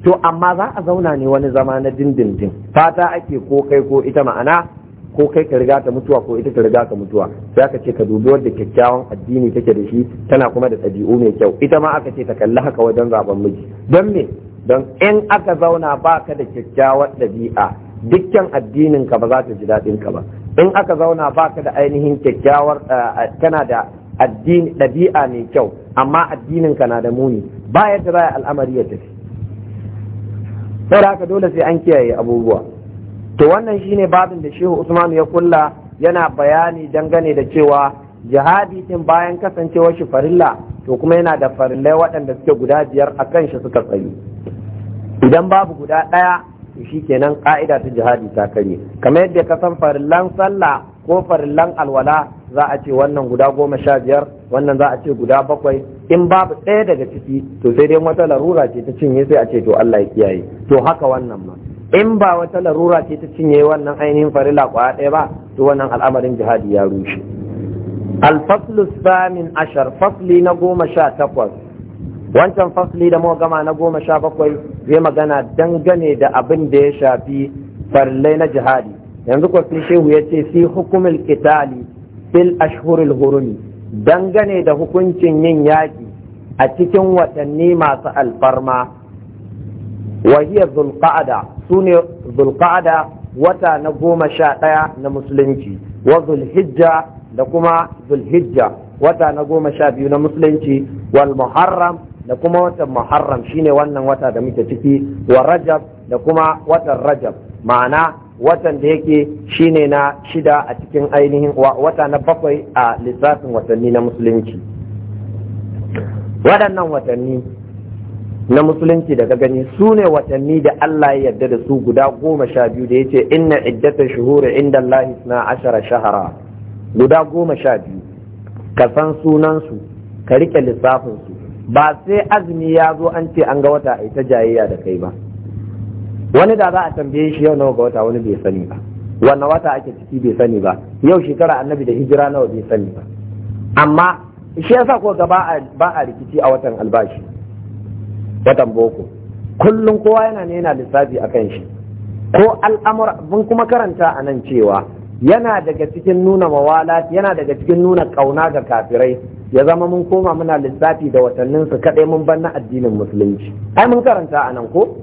to amma za a zauna ne wani zama na dindindin fata ake ko kai ko ita ma'ana ko kai ka riga ka mutuwa ko ita ta riga ka mutuwa sai aka ce ka dubi wadda kyakkyawan addini take da shi tana kuma da ɗabi'u mai kyau ita ma aka ce ta kalli haka wajen zaben miji don me don in aka zauna baka da kyakkyawar ɗabi'a dukkan addinin ka ba za ta ji daɗin ka ba in aka zauna baka da ainihin kyakkyawar eh, kana da addini ɗabi'a mai kyau amma addinin ka na da muni ba yadda za a al'amari ya tafi sai haka dole sai an kiyaye abubuwa to wannan shine babin da shehu usman ya kulla yana bayani dangane da cewa jihadi din bayan kasancewar shi farilla to kuma yana da farillai waɗanda suke guda biyar a kan shi suka tsayi idan babu guda ɗaya shi kenan ka'ida ta jihadi ta kare kamar yadda ka san farillan sallah ko farillan alwala za a ce wannan guda goma sha biyar wannan za a ce guda bakwai in babu ɗaya daga ciki to sai dai wata larura ce ta cinye sai a ce to Allah ya kiyaye to haka wannan ma in ba wata larura ce ta cinye wannan ainihin farilla kwaya ɗaya ba to wannan al'amarin jihadi ya rushe الفصل الثامن na goma sha takwas. wancan fasli da muka gama na goma sha bakwai zai magana dangane da abin da ya shafi farlai na jihadi yanzu ko shehu ya ce fi hukumul qitali fil ashhuril hurumi dangane da hukuncin yin yaki a cikin watanni masu alfarma wa hiya zulqa'ada sune zulqa'ada wata na goma sha ɗaya na musulunci wa zulhijja da kuma zulhijja wata na goma sha biyu na musulunci wal muharram da kuma watan muharram shine wannan wata da muke ciki wa rajab da kuma watan rajab ma'ana watan da yake shine na shida a cikin ainihin wata na bakwai a lissafin watanni na musulunci waɗannan watanni na musulunci daga gani su ne watanni da Allah ya yarda da su guda goma sha biyu da ya ce inna iddata shuhuri inda Allah na ashara shahara guda goma sha biyu ka san sunansu ka rike lissafinsu ba sai azumi ya zo an ce an ga wata a ita jayayya da kai ba wani da za a tambaye shi yau nawa ga wata wani bai sani ba wannan wata ake ciki bai sani ba yau shekara annabi da hijira nawa bai sani ba amma shi yasa ko ga ba a rikici a watan albashi watan boko kullum kowa yana ne yana lissafi akan shi ko al'amura mun kuma karanta a nan cewa yana daga cikin nuna mawala yana daga cikin nuna kauna ga kafirai ya zama mun koma muna lissafi da watannin su kadai mun bar na addinin musulunci ai mun karanta anan ko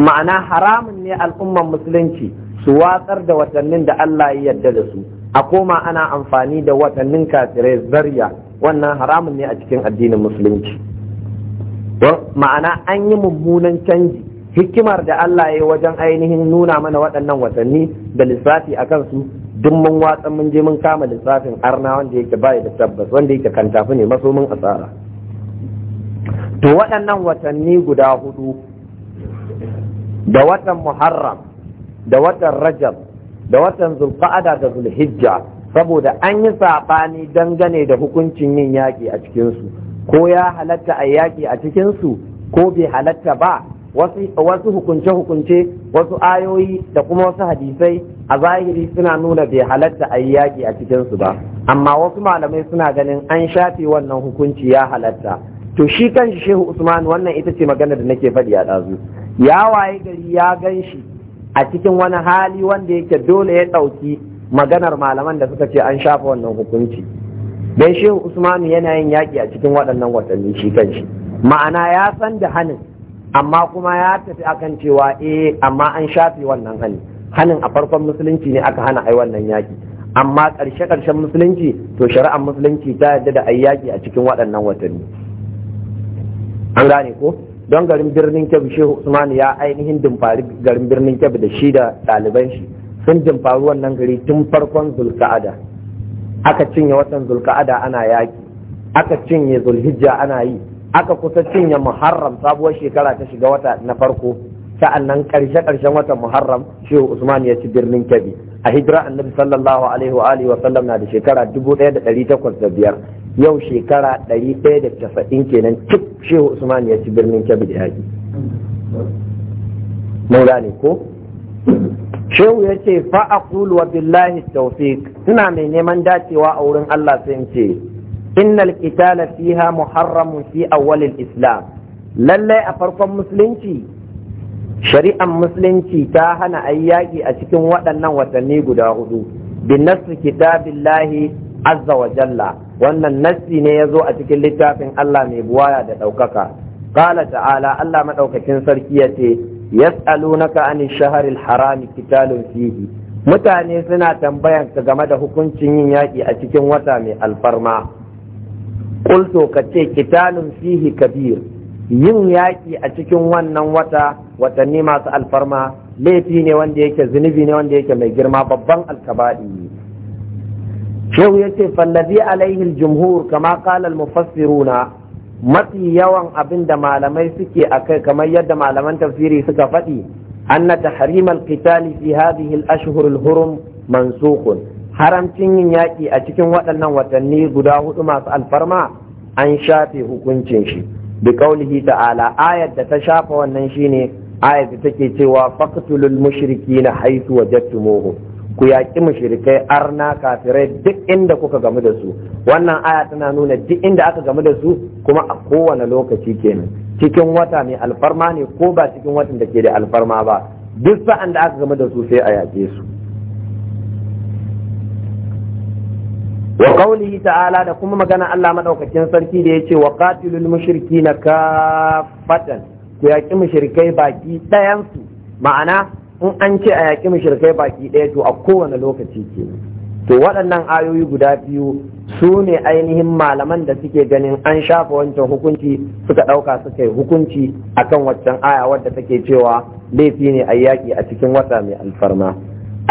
ma'ana haramun ne al'umman musulunci su watsar da watannin da Allah ya yarda da su a koma ana amfani da watannin kafirai zarya wannan haramun ne a cikin addinin musulunci ma'ana an yi mummunan canji hikimar da Allah ya yi wajen ainihin nuna mana waɗannan watanni da lissafi a kansu duk mun watsan mun je mun kama lissafin arna wanda yake bai da tabbas wanda yake kan tafi ne mun asara to waɗannan watanni guda hudu da watan muharram da watan rajab da watan zulqa'ada da zulhijja saboda an yi saɓani dangane da hukuncin yin yaƙi a cikinsu ko ya halatta a yaƙi a cikinsu ko bai halatta ba wasu hukunce-hukunce wasu ayoyi da kuma wasu hadisai a zahiri suna nuna bai halatta a yi yaƙi a cikinsu ba amma wasu malamai suna ganin an shafe wannan hukunci ya halatta to shi kan shi shehu usman wannan ita ce magana da nake faɗi a ɗazu ya waye gari ya gan shi a cikin wani hali wanda yake dole ya ɗauki maganar malaman da suka ce an shafa wannan hukunci don shehu usman yana yin yaƙi a cikin waɗannan watanni shi kan shi ma'ana ya san da hanin amma kuma ya tafi akan cewa eh amma an shafe wannan hali, hanin a farkon musulunci ne aka hana ai wannan yaki amma ƙarshe ƙarshen musulunci to shari'ar musulunci ta yarda da ai yaki a cikin waɗannan watanni an gane ko don garin birnin kebbi shehu usman ya ainihin dimfari garin birnin kebbi da shi da ɗaliban shi sun dimfari wannan gari tun farkon zulka'ada aka cinye watan zulka'ada ana yaki aka cinye zulhijja ana yi aka kusa cinye muharram sabuwar shekara ta shiga wata na farko sa'an nan karshe karshen watan muharram shehu usman ya ci birnin kebi a hijira annabi sallallahu alaihi wa alihi wa sallam na da shekara 1805 yau shekara 190 kenan cik shehu usman ya ci birnin kebi da yaki mun gane ko shehu ya ce fa aqulu wa billahi tawfiq ina mai neman dacewa a wurin Allah sai in ce innal qitala fiha muharramun fi awwalil islam lallai a farkon musulunci shari'an musulunci ta hana ayi yaƙi a cikin waɗannan watanni guda hudu bin nasri kitabillahi azza wa jalla wannan nassi ne ya zo a cikin littafin Allah mai buwaya da ɗaukaka qala ta'ala Allah maɗaukacin sarki yace yas'alunaka anil shahril harami qitalun fihi mutane suna tambayan ka game da hukuncin yin yaƙi a cikin wata mai alfarma qultu kace kitalun fihi kabir yin yaƙi a cikin wannan wata watanni masu alfarma laifi ne wanda yake zunubi ne wanda yake mai girma babban ne. shehu ya ce fallazi alaihi jumhur kama qala mufassiruna mafi yawan abin da malamai suke a kai kamar yadda malaman tafsiri suka faɗi anna tahrim al-qital fi hadhihi al-ashhur al-hurum mansukh haramcin yin yaƙi a cikin waɗannan watanni guda hudu masu alfarma an shafe hukuncin shi bi kaulihi ta'ala ayar da ta shafa wannan shine ayar da take cewa na mushrikina haythu wajadtumuhum ku yaƙi mushrikai arna kafirai duk inda kuka gamu da su wannan aya tana nuna duk inda aka gamu da su kuma a kowane lokaci kenan cikin wata mai alfarma ne ko ba cikin watan da ke da alfarma ba duk sa'an da aka gamu da su sai a yaƙe su wa qawlihi ta'ala da kuma magana Allah madaukakin sarki da yace wa qatilul mushrikina kaffatan ku yaki mushrikai baki ɗayan su ma'ana in an ce a yaki mushrikai baki ɗaya to a kowane lokaci ke to waɗannan ayoyi guda biyu su ne ainihin malaman da suke ganin an shafa wancan hukunci suka ɗauka suka yi hukunci akan waccan aya wadda take cewa laifi ne a yaƙi a cikin wata mai alfarma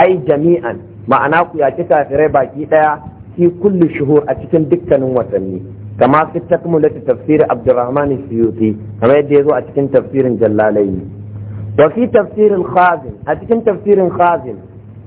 ai jami'an ma'ana ku yaƙi kafirai baki ɗaya fi kulli shuhur a cikin dukkanin watanni kama fi takmula tafsirin abdurrahman suyuti kamar yadda ya zo a cikin tafsirin jallalai wa a cikin tafsirin khazin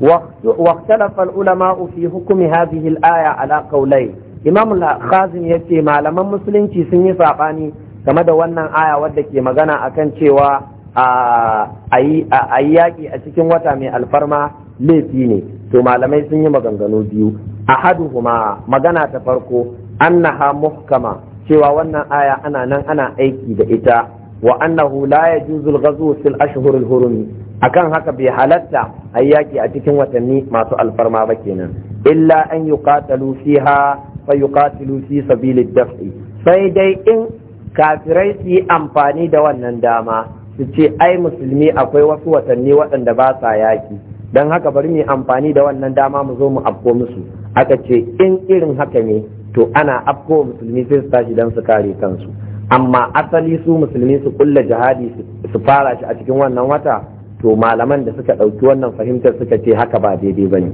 wa ikhtalafa ulama fi hukmi hadhihi al-aya ala qawlay imam khazin yace malaman musulunci sun yi saɓani, game da wannan aya wadda ke magana akan cewa a yaƙi a cikin wata mai alfarma laifi ne to malamai sun yi maganganu biyu ahaduhuma magana ta farko annaha muhkama cewa wannan aya ana nan ana aiki da ita wa annahu la yajuzu al-ghazwu fil ashhur al-hurum akan haka bai halatta ayyaki a cikin watanni masu alfarma ba kenan illa an yuqatalu fiha fa yuqatilu fi sabilid daf'i sai dai in kafirai su yi amfani da wannan dama su ce ai musulmi akwai wasu watanni waɗanda ba sa yaki don haka bari mu yi amfani da wannan dama mu zo mu afko musu aka ce in irin haka ne to ana afko musulmi sai su tashi don su kare kansu amma asali su musulmi su kulla jihadi su fara shi a cikin wannan wata to malaman da suka ɗauki wannan fahimtar suka ce haka ba daidai ba ne.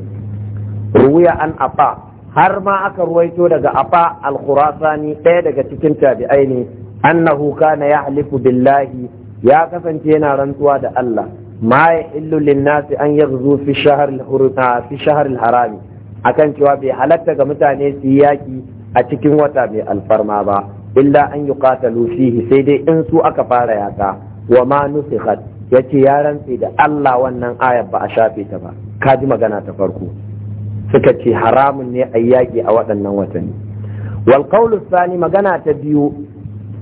ruwiya an afa har ma aka ruwaito daga afa al-khurasani ɗaya daga cikin tabi'ai ne annahu kana ya'lifu billahi ya kasance yana rantsuwa da Allah ma ya illu linnasi an yaghzu fi shahr fi shahr harami akan cewa bai halatta ga mutane su yaƙi a cikin wata mai alfarma ba illa an yi katalu fihi sai dai in su aka fara yaka wa ma nusikhat yace ya rantse da Allah wannan ayar ba a shafe ta ba ka ji magana ta farko suka ce haramun ne a yaƙi a waɗannan watanni wal qawlu magana ta biyu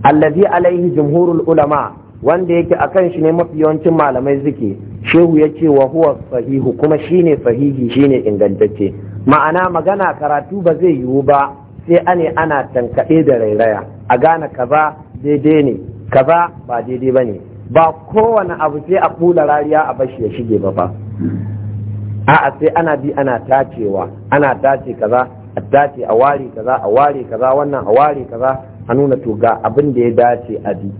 allazi alaihi jumhurul ulama wanda yake kan shi ne mafi yawancin malamai suke shehu ya ce wa huwa sahihu kuma shi shine sahihi ne ingantacce ma'ana magana karatu ba zai yiwu ba sai ane ana tankaɗe da rairaya a gane kaza daidai ne kaza ba daidai ba ne ba kowane abu sai a kula rariya a bashi ya shige ba a'a sai ana bi ana tacewa ana tace kaza a tace a ware kaza a ware kaza wannan a ware kaza a nuna to ga abin da ya dace a bi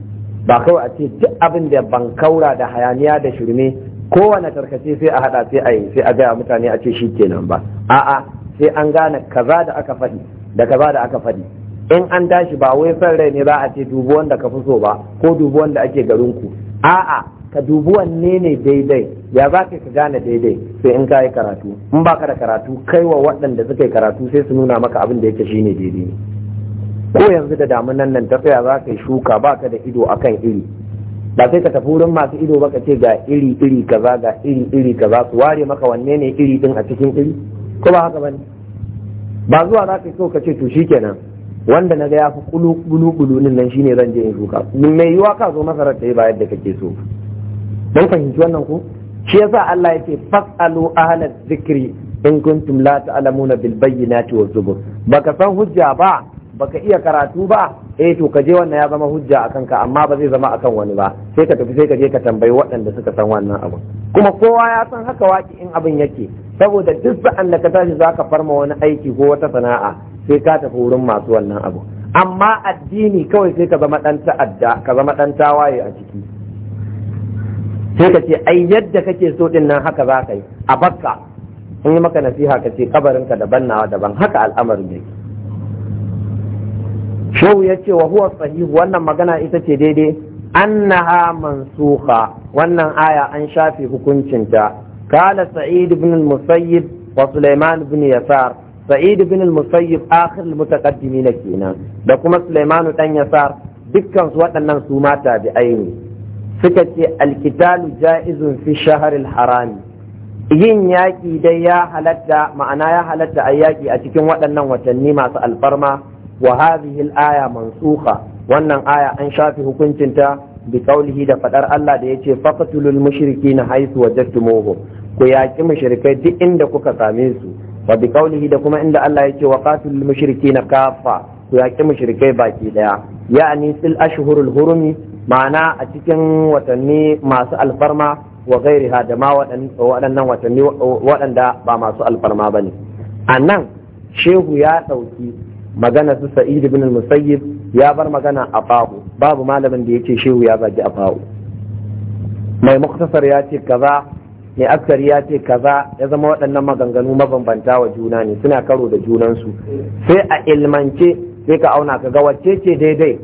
ba kawai a ce duk abin da ban kaura da hayaniya da shirme kowane tarkace sai a hada sai a yi sai a gaya mutane a ce shi kenan ba a'a sai an gane kaza da aka faɗi da kaza da aka faɗi in an tashi ba wai san rai ne za a ce dubu wanda ka fi so ba ko dubu wanda ake garin ku a'a ka dubu wanne ne daidai ya za ka ka gane daidai sai in kayi karatu in ba ka da karatu kai wa waɗanda suka yi karatu sai su nuna maka abin da yake shine daidai ne ko yanzu da damunan nan ta tsaya za ka yi shuka ka da ido akan iri ba sai ka tafi wurin masu ido ba ka ce ga iri iri kaza ga iri iri kaza su ware maka wanne ne iri din a cikin iri ko ba haka bane ba zuwa za ka so ka ce to shikenan wanda na ga ya fi kulu kulu kulu nan shine zan je in shuka mai yiwa ka zo masarar ta yi ba yadda kake so dan fahimci wannan ko shi yasa Allah yake fasalu ahlaz zikri in kuntum la ta'lamuna bil bayyinati wa zubur baka san hujja ba baka iya karatu ba eh to ka je wannan ya zama hujja a kanka, amma ba zai zama a kan wani ba sai ka tafi sai ka je ka tambayi waɗanda suka san wannan abu kuma kowa ya san haka waki in abin yake saboda duk sa'an da ka tashi zaka farma wani aiki ko wata sana'a sai ka tafi wurin masu wannan abu amma addini kawai sai ka zama dan ta'adda ka zama dan tawaye a ciki sai ka ce ai yadda kake so din nan haka za ka yi a bakka in yi maka nasiha ka ce kabarinka daban nawa daban haka al'amarin yake shehu ya ce wa huwa sahihu wannan magana ita ce daidai annaha mansuha wannan aya an shafe hukuncinta kala sa'id ibn al-musayyib wa sulaiman ibn yasar sa'id ibn al-musayyib akhir al-mutaqaddimin kenan da kuma sulaiman dan yasar dukkan su waɗannan su mata bi suka ce alkitalu ja'izun fi shahr al-harami yin yaƙi dai ya halatta ma'ana ya halatta a yaƙi a cikin waɗannan watanni masu alfarma wa hadhihi al-aya mansukha wannan aya an shafi hukuncinta bi qawlihi da faɗar Allah da yace faqtulul mushrikeena haythu wajadtumuhum ku yaki mushrikai duk inda kuka same su wa bi da kuma inda Allah yace wa qatilul mushrikeena kaffa ku yaki mushrikai baki daya ya'ni sil ashhurul hurumi ma'ana a cikin watanni masu alfarma wa ghairiha da waɗannan watanni waɗanda ba masu alfarma bane a nan shehu ya ɗauki magana su sa'id ibn al-musayyib ya bar magana a babu babu malamin da yace shehu ya zagi a babu mai muktasar ya ce kaza mai askari ya ce kaza ya zama waɗannan maganganu mabambanta wa juna ne suna karo da junansu sai a ilmance sai ka auna ka ga wacce ce daidai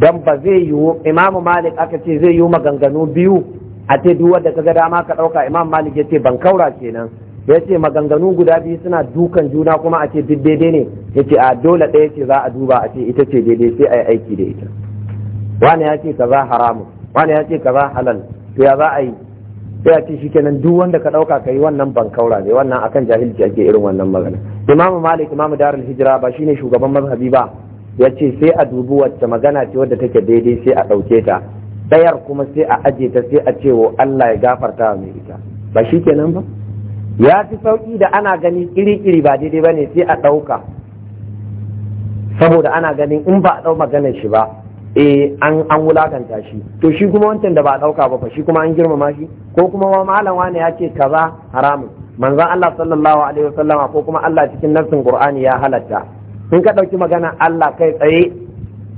dan ba zai yiwu imamu malik aka ce zai yiwu maganganu biyu a ce duk wanda kaga dama ka ɗauka imam malik ya ce ban kaura kenan ya ce maganganu guda biyu suna dukan juna kuma a ce duk daidai ne ya ce a dole ɗaya ce za a duba a ce ita ce daidai sai a yi aiki da ita wani ya ce kaza haramu wani ya ce kaza halal to ya za a yi sai a ce shikenan duk wanda ka ɗauka ka yi wannan bankaura ne wannan akan jahilci ake irin wannan magana imamu malik imamu darul hijira ba shine shugaban mazhabi ba ya ce sai a dubi wacce magana ce wadda take daidai sai a ɗauke ta ɗayar kuma sai a aje ta sai a ce wa Allah ya gafarta mai ita ba shikenan ba ya fi sauƙi da ana gani iri-iri ba daidai ba ne sai a ɗauka saboda ana ganin in ba a ɗau maganar shi ba eh an an wulakanta shi to shi kuma wancan da ba a ɗauka ba fa shi kuma an girmama shi ko kuma wa malam wani ya ce kaza haramun manzon Allah sallallahu alaihi wasallama ko kuma Allah cikin nassin Qur'ani ya halatta in ka ɗauki maganar Allah kai tsaye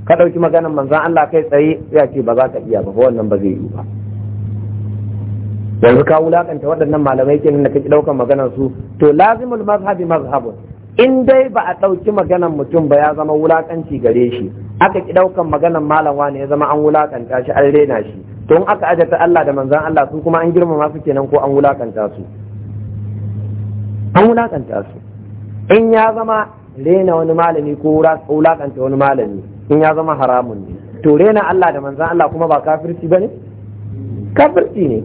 ka ɗauki maganar manzon Allah kai tsaye ya ce ba za ka iya ba wannan ba zai yi ba yanzu ka wulakanta waɗannan malamai kenan da kake ɗaukar maganar su to lazimul mazhabi mazhabun in dai ba a ɗauki maganar mutum ba ya zama wulakanci gare shi aka ki ɗaukan maganar malam wani ya zama an wulakanta shi an rena shi to in aka ajata Allah da manzan Allah su kuma an girmama su kenan ko an wulakanta su an wulakanta su in ya zama rena wani malami ko wulakanta wani malami in ya zama haramun ne to rena Allah da manzan Allah kuma ba kafirci bane kafirci ne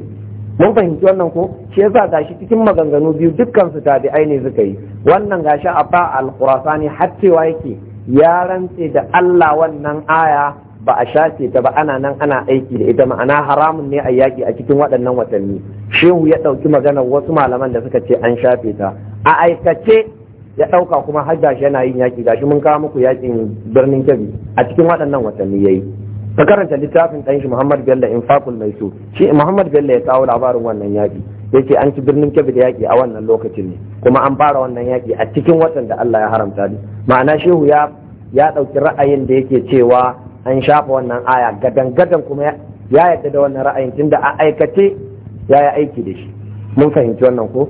mun fahimci wannan ko shi yasa gashi cikin maganganu biyu dukkan su tabi'ai ne suka yi wannan gashi a ba al ne har cewa yake ya rantse da Allah wannan aya ba a shafe ta ba ana nan ana aiki da ita ma'ana haramun ne a yaƙi a cikin waɗannan watanni shehu ya ɗauki maganar wasu malaman da suka ce an shafe ta a aikace ya ɗauka kuma har gashi yana yin yaƙi gashi mun kawo muku yakin birnin kebbi a cikin waɗannan watanni yayi ka karanta littafin ɗan shi Muhammad Bello mai Maisu shi Muhammad Bello ya kawo labarin wannan yaƙi yace an ci birnin Kebbi da yaƙi a wannan lokacin ne kuma an fara wannan yaƙi a cikin watan da Allah ya haramta ni ma'ana shehu ya ya ɗauki ra'ayin da yake cewa an shafa wannan aya gadan gadan kuma ya yadda da wannan ra'ayin da a aikace ya yi aiki da shi mun fahimci wannan ko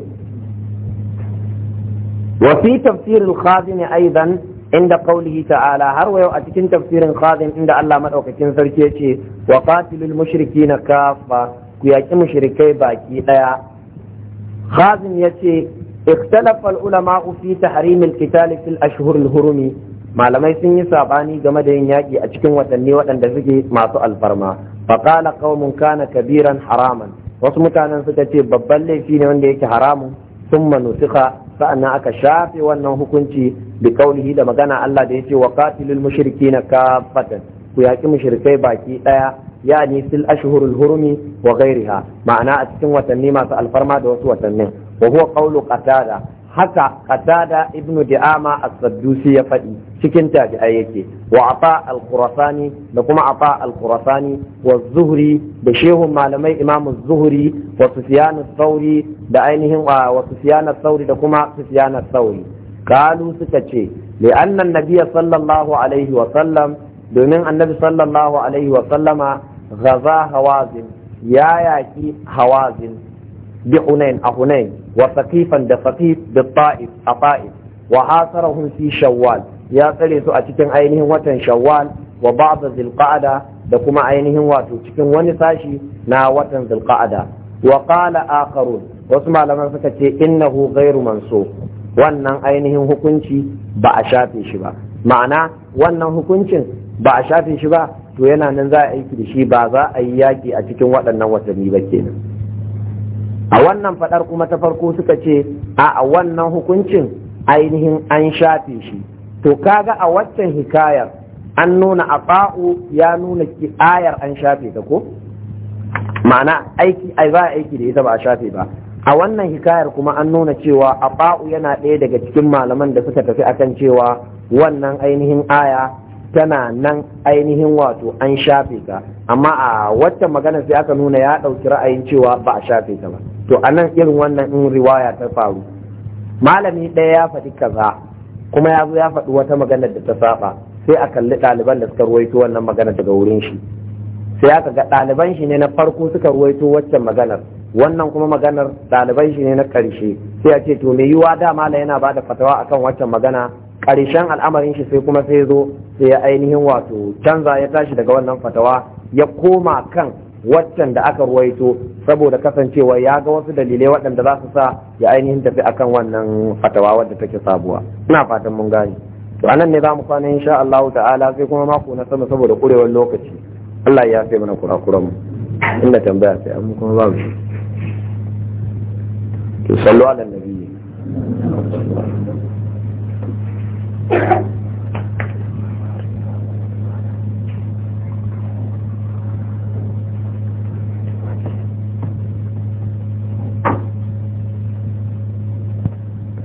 wa fi tafsirul khazini aidan inda qawlihi ta'ala har wayo a cikin tafsirin qadim inda Allah madaukakin sarki yace wa qatilul mushrikina kafa ku yaki mushrikai baki daya qadim yace ikhtalafa ulama fi tahrim al-qital fi al-ashhur al malamai sun yi sabani game da yin yaki a cikin watanni waɗanda suke masu alfarma fa qala qaumun kana kabiran haraman wasu mutanen suka ce babban laifi ne wanda yake haramun sun manusuka sa'annan aka shafe wannan hukunci bi kaulihi da magana Allah da yace wa mushiriki na kaffatan ku yaki mushrikai baki ɗaya. yani fil ashhurul hurumi wa ghairiha ma'ana a cikin watanni masu alfarma da wasu watannin wa huwa qawlu qatada haka qatada ibnu di'ama as-saddusi ya faɗi. cikin tabi'ai yake wa afa al-qurasani da kuma afa al-qurasani wa zuhri da shehun malamai imamu zuhri wa sufyan thawri da ainihin wa sufyan sauri da kuma sufyan sauri kalu suka ce li annan nabiyya sallallahu alaihi wa sallam domin annabi sallallahu alaihi wa sallama gaza hawazin ya yaki hawazin bi hunain a hunain wa saqifan da saqif bi ta'if a ta'if wa hasarahum fi shawwal ya tsare su a cikin ainihin watan shawwal wa ba'da zilqa'ada da kuma ainihin wato cikin wani sashi na watan zilqa'ada wa qala akharun wasu malaman suka ce innahu ghairu manso wannan ainihin hukunci ba a shafe shi ba ma'ana wannan hukuncin ba a shafe shi ba to yana nan za a aiki da shi ba za a yi yaki a cikin waɗannan watanni ba kenan a wannan faɗar kuma ta farko suka ce a wannan hukuncin ainihin an shafe shi to kaga a waccan hikayar an nuna a ya nuna ki ayar an shafe ta ko ma'ana aiki ai ba aiki da ita ba a shafe ba a wannan hikayar kuma an nuna cewa ba'u yana ɗaya daga cikin malaman da suka tafi akan cewa wannan ainihin aya tana nan ainihin wato an shafe ka amma a wata magana sai aka nuna ya ɗauki ra'ayin cewa ba a shafe ta ba to a nan irin wannan in riwaya ta faru malami ɗaya ya faɗi kaza kuma ya zo ya faɗi wata maganar da ta saba sai a kalli ɗaliban da suka ruwaito wannan magana daga wurin shi sai aka ga ɗaliban shi ne na farko suka ruwaito waccan maganar wannan kuma maganar ɗalibai shi ne na ƙarshe sai a ce to mai yiwa da mala yana ba da fatawa akan waccan magana ƙarshen al'amarin shi sai kuma sai zo sai ya ainihin wato canza ya tashi daga wannan fatawa ya koma kan waccan da aka ruwaito saboda kasancewa ya ga wasu dalilai waɗanda za su sa ya ainihin tafi akan wannan fatawa wadda take sabuwa ina fatan mun gane to anan ne za mu kwana insha Allah ta'ala sai kuma mako na sama saboda kurewar lokaci Allah ya sai mana kurakuran mu inda tambaya sai amma kuma babu shi to sallu ala nabi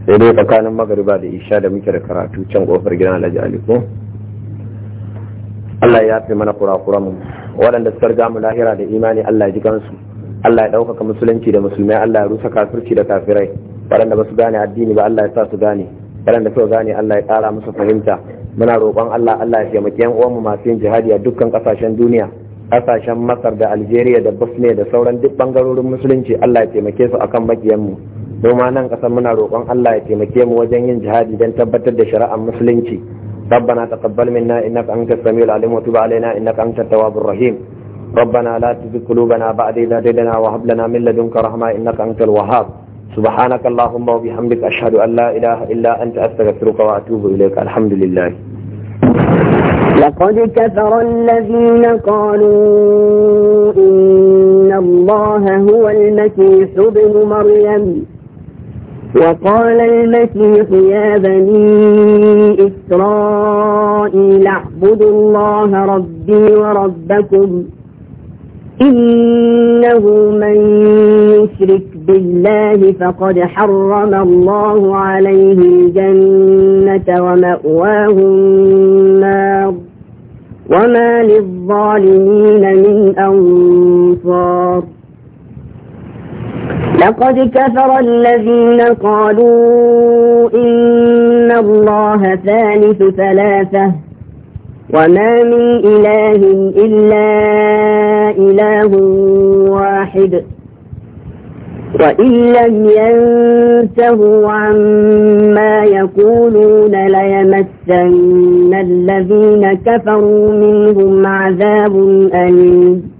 sai dai tsakanin magariba da isha da muke da karatu can kofar gidan alhaji aliko Allah ya fi mana kurakuranmu waɗanda suka riga mu lahira da imani Allah ya ji kansu Allah ya ɗaukaka musulunci da musulmai Allah ya rusa kafirci da kafirai waɗanda ba su gane addini ba Allah ya sa su gane waɗanda suka gane Allah ya ƙara musu fahimta muna roƙon Allah Allah ya taimaki yan uwanmu masu yin jihadi a dukkan ƙasashen duniya ƙasashen Masar da Algeria da Bosnia da sauran duk bangarorin musulunci Allah ya taimake su akan makiyanmu noma nan ƙasar muna roƙon Allah ya taimake mu wajen yin jihadi don tabbatar da shari'ar musulunci ربنا تقبل منا انك انت السميع العليم وتب علينا انك انت التواب الرحيم ربنا لا تزغ قلوبنا بعد إذ هديتنا وهب لنا من لدنك رحمة إنك أنت الوهاب سبحانك اللهم وبحمدك أشهد أن لا إله إلا أنت أستغفرك وأتوب إليك الحمد لله لقد كفر الذين قالوا إن الله هو المسيح ابن مريم وقال المسيح يا بني إسرائيل اعبدوا الله ربي وربكم إنه من يشرك بالله فقد حرم الله عليه الجنة ومأواه النار وما للظالمين من أنصار لقد كفر الذين قالوا إن الله ثالث ثلاثة وما من إله إلا إله واحد وإن لم ينتهوا عما يقولون ليمسن الذين كفروا منهم عذاب أليم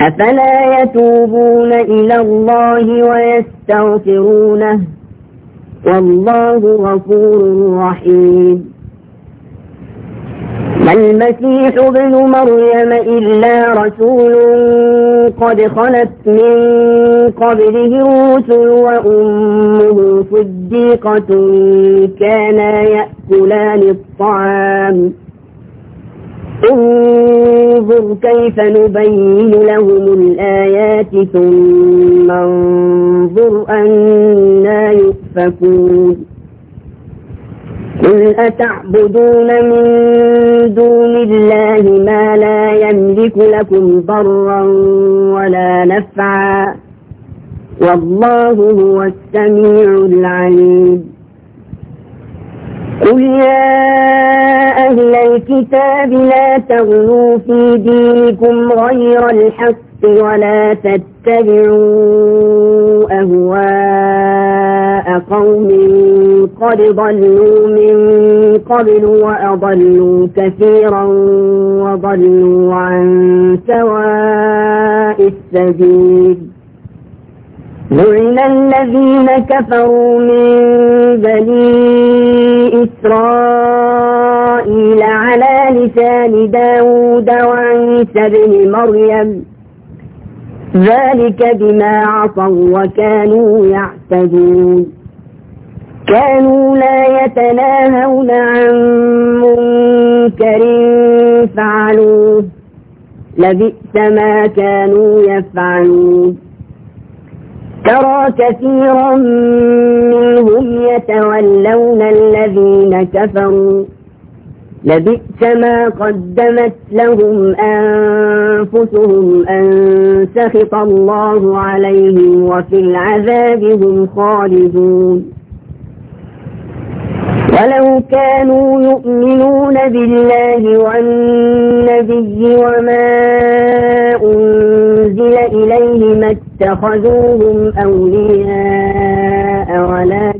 أفلا يتوبون إلى الله ويستغفرونه والله غفور رحيم ما المسيح ابن مريم إلا رسول قد خلت من قبله الرسل وأمه صديقة كانا يأكلان الطعام انظر كيف نبين لهم الآيات ثم انظر أنا يؤفكون قل أتعبدون من دون الله ما لا يملك لكم ضرا ولا نفعا والله هو السميع العليم قل يا أهل الكتاب لا تغلوا في دينكم غير الحق ولا تتبعوا أهواء قوم قد ضلوا من قبل وأضلوا كثيرا وضلوا عن سواء السبيل لعن الذين كفروا من بني إسرائيل على لسان داود وعيسى بن مريم ذلك بما عصوا وكانوا يعلمون يهتدون كانوا لا يتناهون عن منكر فعلوه لبئس ما كانوا يفعلون ترى كثيرا منهم يتولون الذين كفروا لبئس ما قدمت لهم أنفسهم أن سخط الله عليهم وفي العذاب هم خالدون ولو كانوا يؤمنون بالله والنبي وما أنزل إليه ما اتخذوهم أولياء ولا